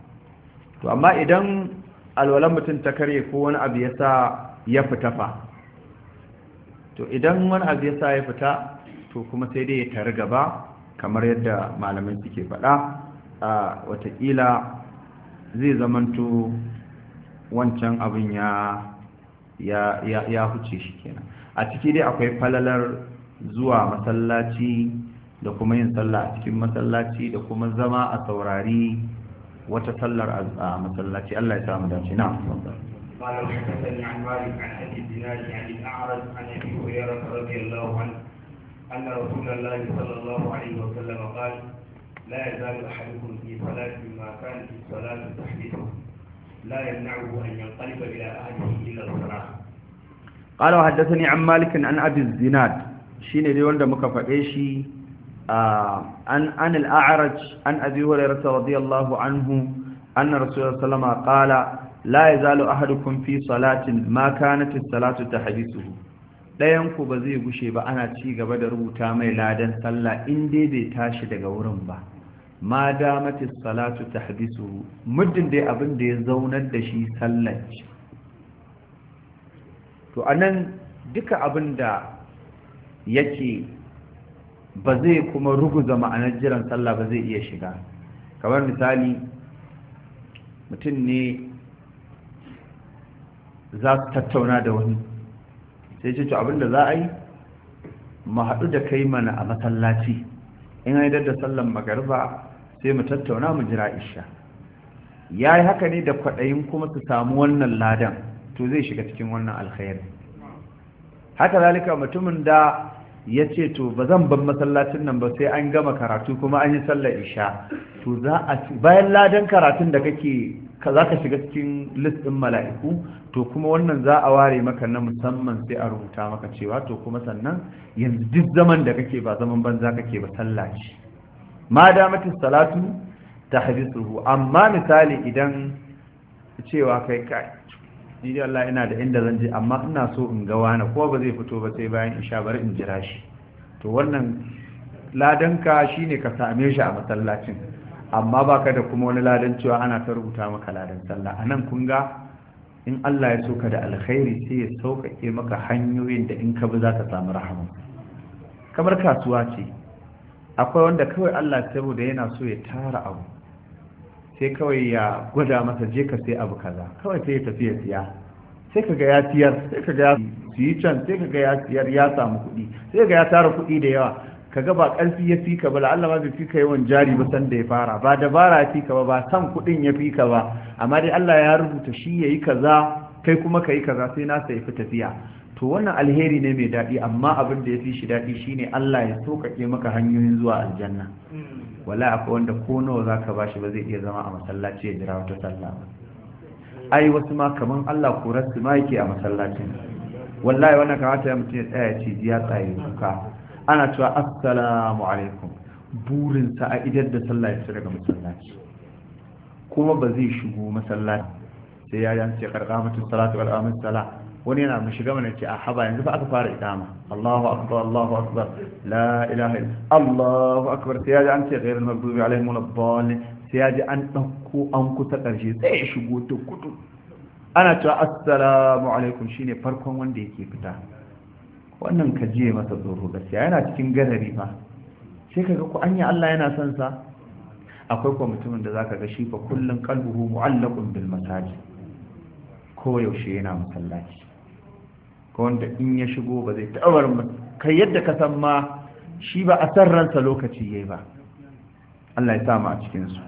to amma idan alwalan mutum ta karye ko wani abu ya sa ya fita fa to idan wani abu ya sa ya fita to kuma sai dai ya tare gaba kamar yadda malamai suke faɗa a watakila zai zamanto wancan abin ya ya ya huce shi kenan a ciki dai akwai falalar zuwa masallaci da kuma yin sallah a cikin masallaci da kuma zama a saurari wata sallar a masallaci Allah ya samu dace na قال حدثني عن مالك عن ابي الدينار عن الاعرج عن ابي هريره رضي الله عنه ان رسول الله صلى الله عليه وسلم قال لا يزال احدكم في صلاه ما كان في صلاه تحدثه لا يمنعه ان ينقلب الى اهله الا الصلاه قال وحدثني عن مالك عن ابي الزناد shine dai wanda muka faɗe shi عن عن الأعرج عن أبي هريرة رضي الله عنه أن رسول الله صلى الله عليه وسلم قال لا يزال أحدكم في صلاة ما كانت الصلاة تحديثه ɗayanku ba zai gushe ba ana ci gaba da rubuta mai ladan sallah in dai bai tashi daga wurin ba ma damatis salatu ta muddin dai abin ya zaunar da shi sallar to anan duka abinda da yake ba zai kuma ruguza ma'anar jiran sallah ba zai iya shiga kamar misali mutum ne za su tattauna da wani sai ce abinda za a yi mu haɗu da kai mana a masallaci in haidar da sallan magarba sai mu tattauna mu jira isha ya yi haka ne da kwaɗayin kuma su samu wannan ladan to zai shiga cikin wannan alkhairi haka zalika mutumin da ya ce to ba zan ban masallacin nan ba sai an gama karatu kuma an yi sallar isha to za a bayan ladan karatun da kake za ka shiga cikin list ɗin mala'iku to kuma wannan za a ware maka na musamman sai a rubuta maka cewa to kuma sannan yanzu duk zaman da kake ba zaman banza kake ba sallaci ma salatu ta hadisu amma misali idan cewa kai kai ni dai Allah ina da inda zan je amma ina so in ga wani ko ba zai fito ba sai bayan insha bar in jira shi to wannan ladanka shine ka same shi a masallacin amma baka da kuma wani ladan cewa ana ta rubuta maka ladan sallah anan kun ga in Allah ya soka da alkhairi sai ya sauƙaƙe maka hanyoyin da in ka bi zaka samu rahama kamar kasuwa ce akwai wanda kawai Allah saboda yana so ya tara abu sai kawai ya gwada masa je ka sai abu kaza kawai sai ya tafi ya siya sai ka ga ya siyar sai ka ga ya siyi can sai ka ga ya siyar ya samu kuɗi sai ga ya tara kuɗi da yawa ka ga ba ƙarfi ya fi ka ba la'alla ma fi ka yawan jari ba san da ya fara ba dabara ya fi ka ba ba san kuɗin ya fi ka ba amma dai Allah ya rubuta shi ya yi kaza kai kuma ka yi kaza sai na sai fi tafiya to wannan alheri ne mai daɗi amma abin da ya fi shi daɗi shine Allah ya sokake maka hanyoyin zuwa aljanna wala akwai wanda ko nawa zaka ba shi ba zai iya zama a masallaci ya jira wata sallah ba ai wasu ma kaman Allah korar su ma yake a masallacin wallahi wannan kamata ya mutum ya tsaya ce ya tsaye kuka ana cewa assalamu alaikum burin sa a idar da sallah ya daga masallaci kuma ba zai shigo masallaci sai ya yanci karkamatu salatu wal amin salah wani yana mu shiga mana ce a ah, haba yanzu ba aka fara ikama Allahu akbar Allahu akbar la ilaha illa Allahu akbar sai yaji an ce ghayrul maghdubi alaihim waladdallin sai yaji an dauko an kusa karshe sai ya shigo ta kudu ana cewa assalamu alaikum shine farkon wanda yake fita wannan ka je masa tsoro gaskiya yana cikin gadari fa sai kaga ko anya Allah yana son sa akwai kuma mutumin da zaka ga shi fa kullun qalbuhu mu'allaqun bil masajid ko yaushe yana masallaci ka wanda in ya shigo ba zai taɓar kai yadda ka san ma shi ba a san ransa lokaci yayi ba Allah ya sama a cikin su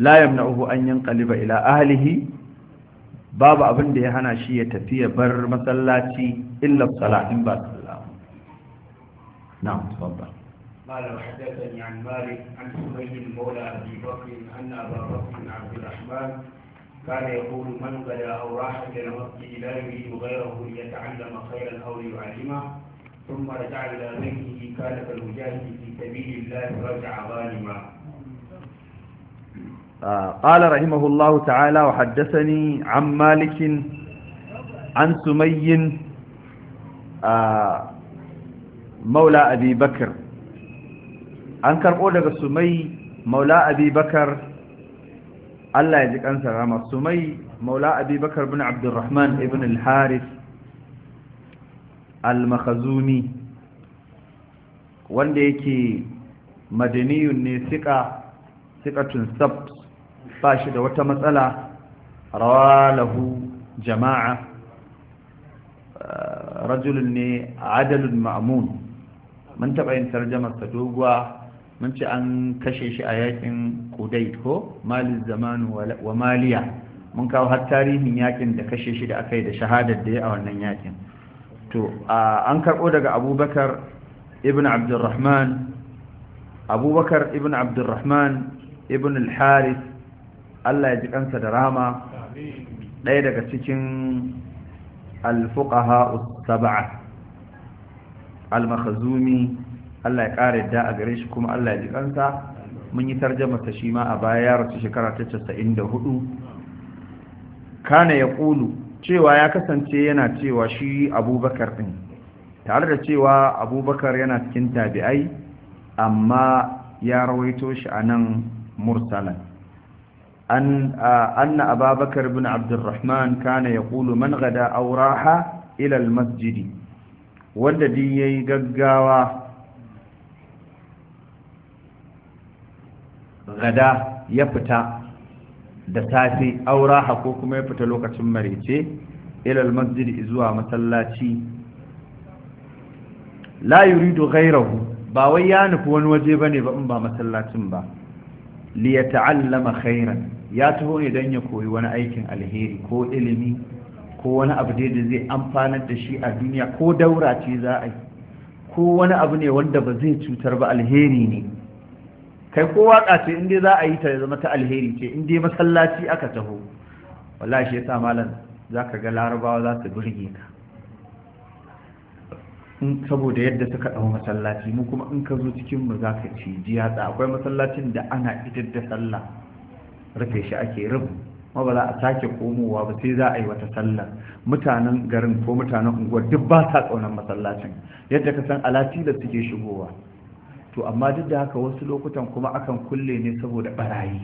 la yamna'uhu an yanqaliba ila ahlihi babu abin da ya hana shi ya tafi ya bar masallaci illa salatin ba sallah na'am tafaddal قال عن مالك عن سمي مولى ابي بكر ان ابا بكر عبد الرحمن كان يقول من بدا أو راح إلى المسجد لا يريد غيره ليتعلم خيرا أو ليعلمه ثم رجع إلى بيته كان كالمجاهد في سبيل الله رجع ظالما آه قال رحمه الله تعالى وحدثني عن مالك عن سمي آه مولى أبي بكر an karɓo daga sumai maula abi bakar Allah ya ji kansa rama sumai maula abubakar bin abdurrahman ibn al-harith al-makhazumi wanda yake madaniyun ne sika sikatun sabt ba shi da wata matsala rawalahu jama'a rajulun ne adalun ma'amun mun taɓa yin tarjamar ta doguwa mun ci an kashe shi a yakin kudai ko malin zamanu wa maliya mun kawo har tarihin yakin da kashe shi da aka yi da shahadar da ya a wannan yakin to an karɓo daga abubakar ibn abdurrahman abubakar ibn abdurrahman ibn al-haris allah ya ji kansa da rama ɗaya daga cikin al saba'a al-makhzumi Allah ya ƙara yadda a gare shi kuma Allah ya ji ƙansa mun yi tarjama ta shi ma a baya ya rasu shekara ta casa'in da hudu. kana ya ƙulu cewa ya kasance yana cewa shi abubakar ɗin tare da cewa abubakar yana cikin tabi'ai amma ya rawaito shi a nan mursalan anna أن bin bin kana Kana الرحمن كان يقول من غدا ilal masjidi wanda din yayi gaggawa. gada ya fita da safe auraha ko kuma ya fita lokacin marece ilal masjid zuwa masallaci la yuridu ghayrahu ba wai ya nufi wani waje bane ba in ba masallacin ba li yata'allama khairan ya taho ne dan ya koyi wani aikin alheri ko ilimi ko wani abu da zai amfanar da shi a duniya ko daura ce za a yi ko wani abu ne wanda ba zai cutar ba alheri ne kai ko waka ce in dai za a yi ta ya zama ta alheri ce in dai masallaci aka taho wallahi shi yasa malam zaka ga larabawa za su burge ka in saboda yadda suka ɗau masallaci mu kuma in ka zo cikin mu za ci jiya da akwai masallacin da ana idar da sallah rufe shi ake rubu ma ba za a sake komowa ba sai za a yi wata sallah mutanen garin ko mutanen unguwar duk ba sa tsaunan masallacin yadda ka san alati da suke shigowa to amma duk da haka wasu lokutan kuma akan kulle ne saboda barayi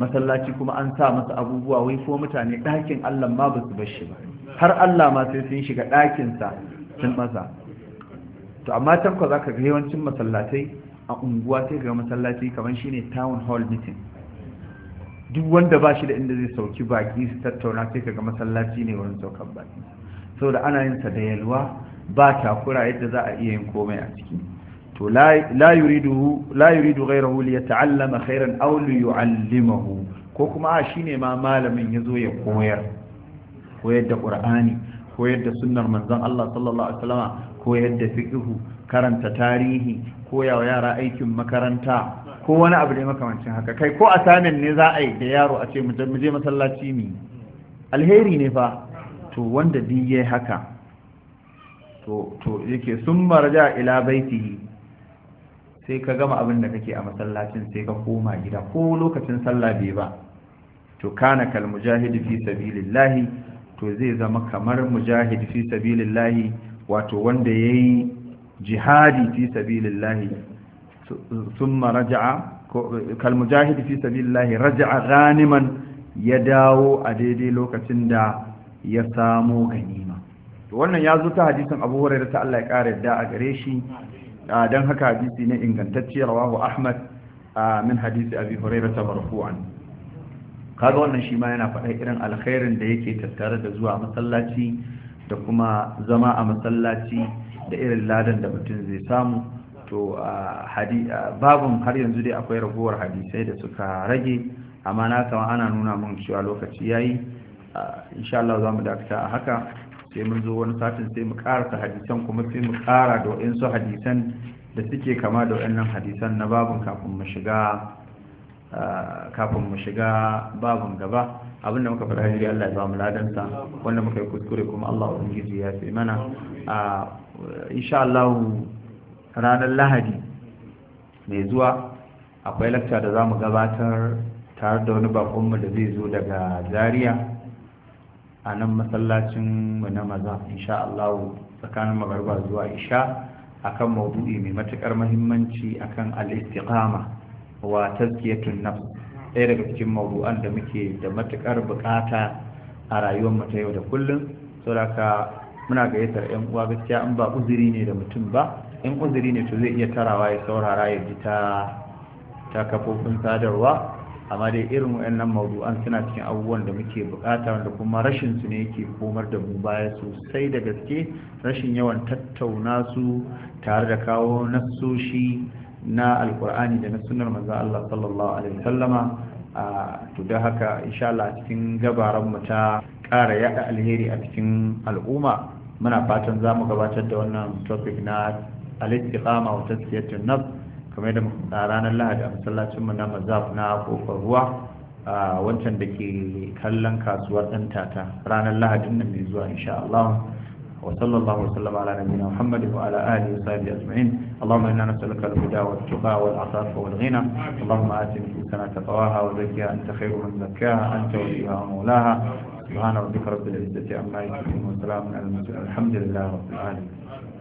masallaci kuma an sa masa abubuwa wai ko mutane ɗakin Allah ma ba su bar shi ba har Allah ma sai sun shiga ɗakinsa sun masa to amma tanko za ka ga yawancin masallatai a unguwa sai ga masallaci kamar shine town hall meeting duk wanda ba shi da inda zai sauki baki su tattauna sai ka ga masallaci ne wurin saukan baki saboda ana yin sa da yalwa ba takura yadda za a iya yin komai a ciki to la yuridu la yuridu ghayrahu khairan aw li yu'allimahu ko kuma a shine ma malamin yazo ya koyar koyar da qur'ani koyar da sunnar manzon Allah sallallahu alaihi wasallam koyar da fiqhu karanta tarihi koya wa yara aikin makaranta ko wani abu ne makamancin haka kai ko assignment ne za a yi da yaro a ce mu je masallaci ne. alheri ne fa to wanda duk yayi haka to to yake sun marja ila baitihi sai ka gama abin da kake a masallacin sai ka koma gida ko lokacin sallah bai ba to kana kal mujahid fi sabilillahi to zai zama kamar mujahid fi sabilillahi wato wanda yayi jihadi fi sabilillahi thumma raja'a kal mujahid fi sabilillahi raja'a ghaniman ya dawo a daidai lokacin da ya samo ganima to wannan ya zo ta hadisin Abu Hurairah ta Allah ya kare da a gare shi Ah, don haka hadisi ne ingantacce rawahu ahmad ah, min hadisi abi ta marfu'an kaga wannan shi ma yana faɗa irin alkhairin da yake tattare da zuwa masallaci da kuma zama a masallaci da irin ladan da mutum zai samu to ah, babun har yanzu dai akwai ragowar hadisai da suka rage amma na kama ana nuna mun cewa lokaci yayi insha Allah za mu dakata a haka sai mun zo wani satin sai mu karasa hadisan kuma sai mu kara da waɗansu hadisan da suke kama da waɗannan hadisan na babin kafin mu shiga kafin mu shiga babin gaba da muka faɗa hajji Allah ya ba mu ladansa wanda muka yi kuskure kuma Allah ubangiji ya fi mana insha Allah ranar Lahadi mai zuwa akwai lakta da za mu gabatar tare da wani bakonmu da zai zo daga Zaria a nan masallacin mu na maza insha Allah tsakanin magarba zuwa isha akan maudu'i mai matukar muhimmanci akan al-istiqama wa tazkiyatun nafs ɗaya daga cikin maudu'an da muke da matukar bukata a rayuwar mu ta yau da kullum saboda muna gayyatar yan uwa gaskiya in ba uzuri ne da mutum ba in uzuri ne to zai iya tarawa ya saurara ya ji ta ta kafofin sadarwa amma dai irin wayannan mawdu'an suna cikin abubuwan da muke bukata wanda kuma rashin su ne yake komar da mu baya sosai da gaske rashin yawan tattauna su tare da kawo nasoshi na alkur'ani da na sunnar manzo Allah sallallahu alaihi wasallama to da haka insha Allah cikin gabaran mu ta ƙara yada alheri a cikin al'umma muna fatan za mu gabatar da wannan topic na al-istiqama wa tazkiyatun nafs kamar da a ranar lahadi a masallacin mu na mazaf na kofar ruwa a wancan da ke kallon kasuwar ɗan tata ranar lahadin nan mai zuwa insha Allah wa sallallahu wa sallama ala nabiyina Muhammad wa ala alihi wa sahbihi ajma'in Allahumma inna nas'aluka al-huda wa at-tuqa wa al-afafa wa al-ghina Allahumma ati nufusana taqwaha wa zakkiha anta khayru man zakkaha anta waliha wa mawlaha subhana rabbika rabbil izzati amma yasifun wa salamun ala al-mursalin alhamdulillahi rabbil alamin